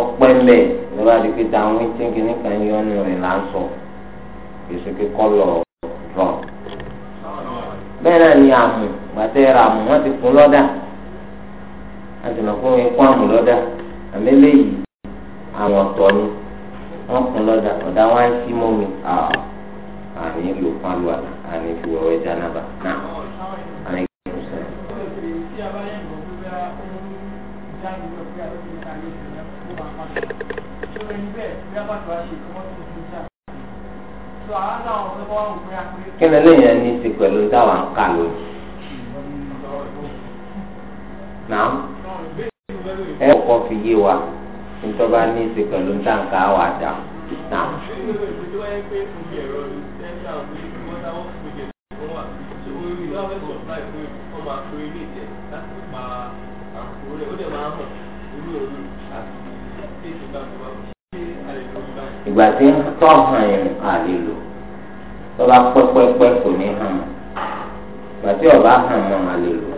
ọpẹ́ lẹ̀ ní wàá di pé táwọn ìtìǹkì nìkan yọ ọ́nù rẹ̀ là ń sọ èso kíkọ́ lọ rọ̀. bẹ́ẹ̀ náà ni àmù gbàtẹ́ ra àmù wọ́n ti fún lọ́dà láti mọ̀ pé wọ́n kọ́ àmù lọ́dà àmì eléyìí àwọn ọ̀tọ̀ ni wọ́n fún lọ́dà ọ̀dà wọn á sí mọ́ mi àní lò fún alùpàdà àní fi wọ̀wẹ́ náà. Thank kí ni lẹ́yìn ẹni ti pẹ̀lú táwọn ń kà lónìí. náà ẹ kọ́ fi yé wa nítorí ní ti pẹ̀lú táǹkà wà dà. náà. Thank you. ìgbà tí ń tọ́ hàn yẹn àlè lò tọ́ba pẹ́pẹ́pẹ́ kò ní hàn mọ́ ìgbà tí ọba hàn mọ́ àlè lò.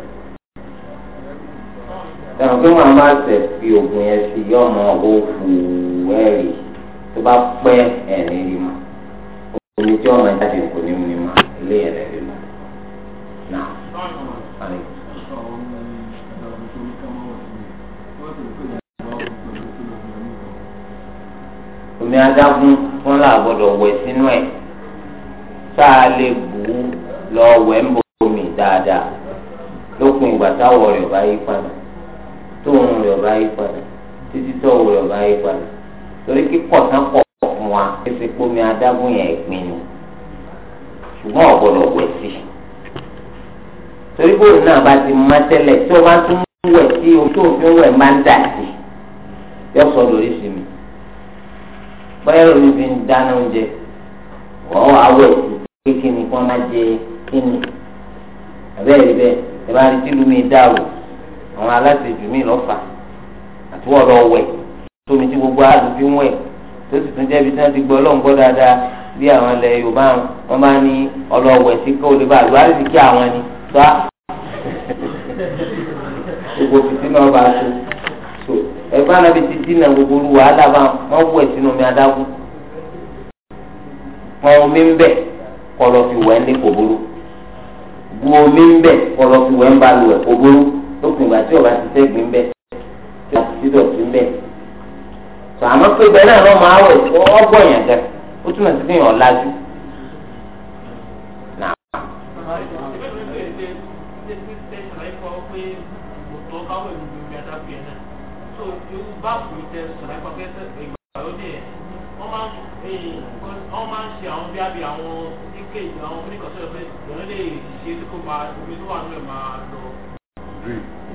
sẹ́wọ̀n pé wọ́n máa tẹ̀ fi oògùn yẹn sí yọ ọmọ òfù ẹ̀rì tó bá pẹ́ ẹ̀rín rí mọ́ omi tí ọmọ jáde kù. omi adágún fún làgbọ́dọ̀ wẹ̀ sínú ẹ̀ tá a lè bù ú lọ wẹ̀ ń bọ omi dáadáa lópin ìgbà táwọ̀ rẹ̀ bá yí padà tóun rẹ̀ bá yí padà títí tọ́wọ̀ rẹ̀ bá yí padà torí kíkọ̀ tán pọ̀ fún wa ẹsẹ̀ pómi adágún yẹn ìpín ni ṣùgbọ́n ọ̀gbọ́dọ̀ wẹ̀ sí i torí bóyá náà bá ti má tẹ́lẹ̀ tí o bá tún wẹ̀ sí o tó fi wẹ̀ má dà sí yọ sọ lórí sí báyọ̀ lómi fi ń dáná oúnjẹ wọ́n awọ ẹ̀sìn kékeré ni kí wọ́n má jẹ kíni àbẹ́rẹ́ bẹ́ẹ̀ ẹ bá rí tìlú mi dá o àwọn aláṣejù mi lọ́fà àti wọ́n lọ wẹ̀ tómi tí gbogbo àdùn fi ń wẹ̀ tó sì tún jẹ́bi tí wọ́n ti gbọ́ ọlọ́run gbọ́ dáadáa bí àwọn ilẹ̀ Yorùbá wọn bá ní ọlọ́wẹ̀ sí kó lè bá àlùbárí sí kí àwọn ni tó a gbogbo fìtí náà bá a tó ẹ̀gbọ́n anabi ti dínà gbogbo olú wàhálà bá wọn wọ ẹ̀sìn omi adágún pọn omi ń bẹ̀ kọlọ fi wẹ̀ ní kòbóró bu omi ń bẹ̀ kọlọ fi wẹ̀ ń ba lu ẹ̀ kòbóró lópin ìgbà tí ọba ti sẹ́gbìn ń bẹ̀ tí ọba ti dọ̀tí ń bẹ̀ tó àmọ́ pé bẹ́ẹ̀ náà lọ́mọ àwẹ̀ ọgbọ̀nyàn jẹ ó túmọ̀ sí pé èèyàn lájú. báàbù tẹ sọ̀rọ̀ ẹ̀kọ́ pé ìgbàlódé yẹn eh, wọ́n máa ń ṣe àwọn bí abì àwọn ike àwọn oníkọ̀sọ́rọ̀ pé ìyẹn lè ṣe tí kò máa omi tó wà nílẹ̀ máa lọ.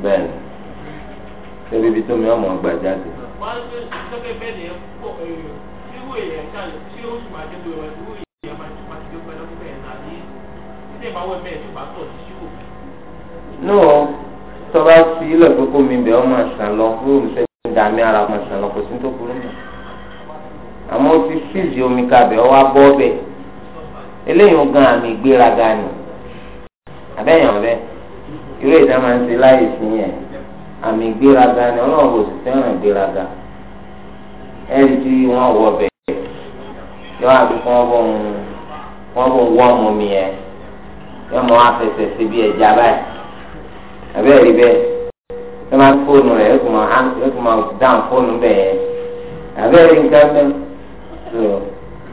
bẹ́ẹ̀ni ṣebí ibi tó mi ọmọ ọgbà jáde. wọ́n á ṣe sọ́kẹ́ bẹ́ẹ̀ ni ẹ kó ṣíwò eh, èèyàn ṣáàlẹ̀ ṣé ó sì máa jẹ́ tọ́ba sí ilẹ̀ kókó mi bẹ́ẹ̀ ọmọ àṣà lọ fún òun dàmí ara ọmọ sàn kò sí tó burú mọ àmọ́ ti fíìsì omi kabẹ eléyìí gan àmì ìgbéraga ni àbẹyàn ọbẹ irú ìdá máa ń ṣe láyè sí yẹn àmì ìgbéraga ni Ọlọ́run kò sì fẹ́ràn ìgbéraga ẹni tí wọn wọ ọbẹ yọ àbí kí wọn bọ ń wọn bọ wọ ọmọ mi yẹn yọ mọ afẹsẹ síbi ẹja báyìí àbẹ rí bẹ́ẹ̀. ẹ máa fóònù rẹ̀ ẹ kò máa hàn ẹ kò máa dáhùn fóònù bẹ́ẹ̀ àbẹ́rẹ́ nǹkan bẹ́ẹ̀ so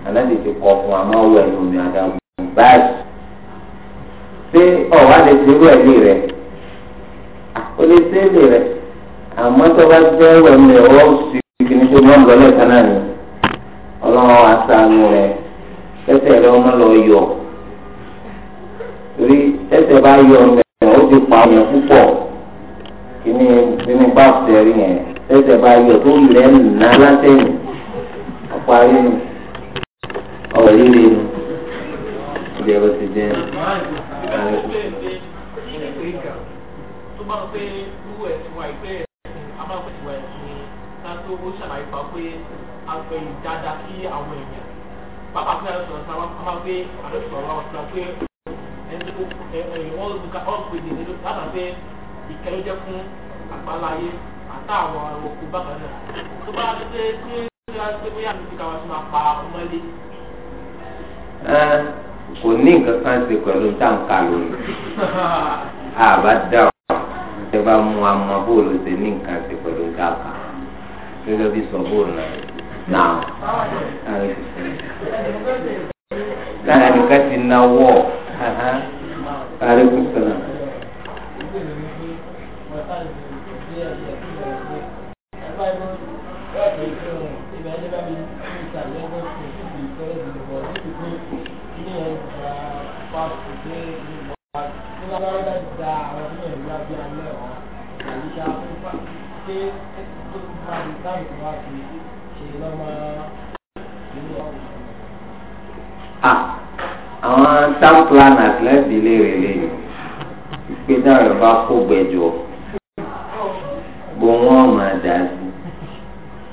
ànábì ti kọ̀ fún wa máa wẹ̀ lómi àdàbò báyìí ṣé ọ̀wá lè ṣe irú ẹ̀mí rẹ̀ ó lè ṣe èlé rẹ̀ àmọ́ tó bá jẹ́ ẹ̀mí rẹ̀ ó sì kìíní tó máa ń lọ lẹ́ẹ̀kan náà ni ọlọ́run wa sànù rẹ̀ tẹ́tẹ̀ rẹ̀ ọmọ lọ yọ torí tẹ́tẹ̀ bá yọ ọ̀nà ó ti pa ọ̀nà púpọ̀ kíní kíní báàpù tẹ̀rí yẹn tẹ̀sẹ̀ bá yọ tó lẹ̀ ń ná látẹ̀yìn ọ̀parí ni ọ̀rọ̀ líle ni ìjẹ́ bó ti jẹ́. Bàbá àti ẹ̀rọ sọ̀rọ̀ sáwọn ọmọ pé àdókòwò ọ̀sán pé ẹni tó ẹ̀ ẹ̀ wọ́n lùkà ọ̀pẹ̀ ìdílé látàgbé ìkẹló jẹ́ fún àgbáláyé àtàwọn òkú bákan náà tó bá ti pé tí ó yá pé bóyá mi ti kàwá máa pa ọmọlé. kò ní nǹkan kan ṣe pẹ̀lú táǹkà lónìí àbá dá ọ ẹ bá mú amọ bóòlù ṣe ní nǹkan ṣe pẹ̀lú táǹkà gẹ́gẹ́ bí sọ bóòlù náà náà lára nìkan ti Ah, àwọn town planners lẹ́sìn ilé rẹ̀ lè ìpínlẹ̀ rẹ̀ bá kó gbẹjọ bó wọ́n máa dá sí.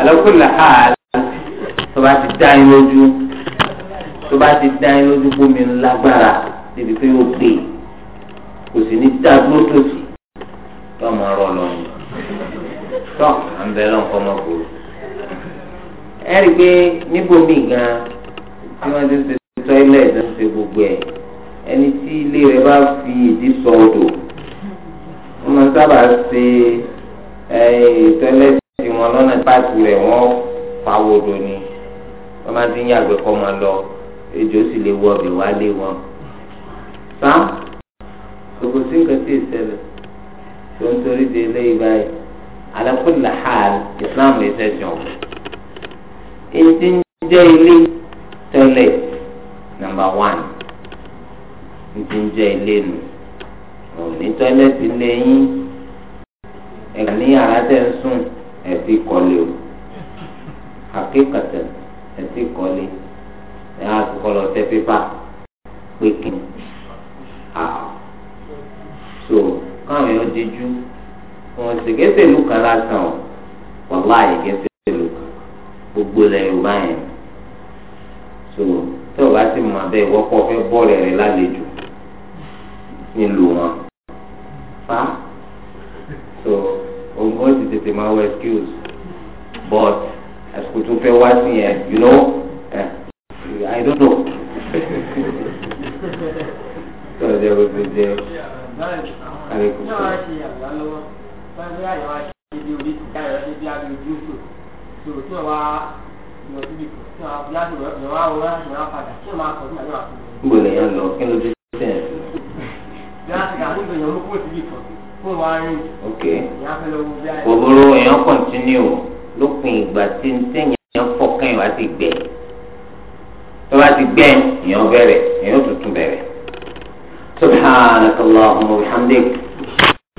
àlọ́kùnrin àhàlà tó bá ti dá yín lójú tó bá ti dá yín lójú bómi lágbára débi pé ó gbé kò sì ní dá dúró tòsí tó máa rọ lọ yín tó à ń bẹ lọ́nkọ́ mọ́ kúrò. ẹ rí i pé níbòmí gan tí wọ́n ti ṣe tọ́ílẹ̀tì ń ṣe gbogbo ẹ̀ ẹni tí ilé rẹ̀ bá fi ìdí sọ odò wọ́n máa sábà ṣe tọ́lẹ́tì wọn lọ́nà páàkì rẹ̀ wọ́n pàwòrò ni wọ́n máa ti ń yàgbẹ́ kọ́ máa lọ ejò sì lè wọ ọbẹ̀ wálé wọn. sá gbogbo sí nǹkan tí ìṣẹ̀lẹ̀ tó ń torí de eléyìí báyìí alákùnlé hàn Islam lè sẹ́sìn ọ̀gbìn. ètí ń jẹ́ ilé tọ́lẹ̀ nàmbà wán ètí ń jẹ́ ilé nù òní tọ́lẹ̀ ti lé ẹ̀ka ní yàrá tẹ̀ ń sùn ẹ̀ fi kọ́lé o àkékàtẹ̀ ẹ̀ fi kọ́lé ẹ̀ á kọ́lọ̀ tẹ́ pépà pé kí ni à so káwọn èèyàn díjú wọn sì gẹ́sẹ̀ ìlú kan lásán o wàláyé gẹ́sẹ̀ ìlú kan gbogbo ilẹ̀ Yorùbá yẹn so tí o bá ti mọ abẹ́ ìwọ́pọ̀ fẹ́ bọ́ọ̀lù rẹ̀ lálejò nílùú wọn fa so òun ó ti tètè máa wọ excuse but àsìkò tó fẹ́ wá sí yẹn you know uh, I don't know so ọjọ́ bó ti jẹ́ àlékún sí ibi orí ti dá ìrẹsì bí abẹ ojú ìfò ìṣòro tí wọn wá lọ síbi kù tí wọn bí aṣọ ìrẹsì wọn wá wọn wá ìrẹsì wọn padà tí wọn máa kọ sí àjọ àkùnrin. gbọ́dọ̀ yẹn lọ kí ló dé sẹ́yìn. bí a ti kà fún ìgbìyànjú kó síbi kan ok òbúrò èèyàn kọ̀ntínú lópin ìgbà tí ń tẹ̀yàn fọ́kàn ìwà ti gbẹ tó bá ti gbẹ èèyàn bẹ̀rẹ̀ èèyàn tuntun bẹ̀rẹ̀ subhanakallahumma wa bihamdik.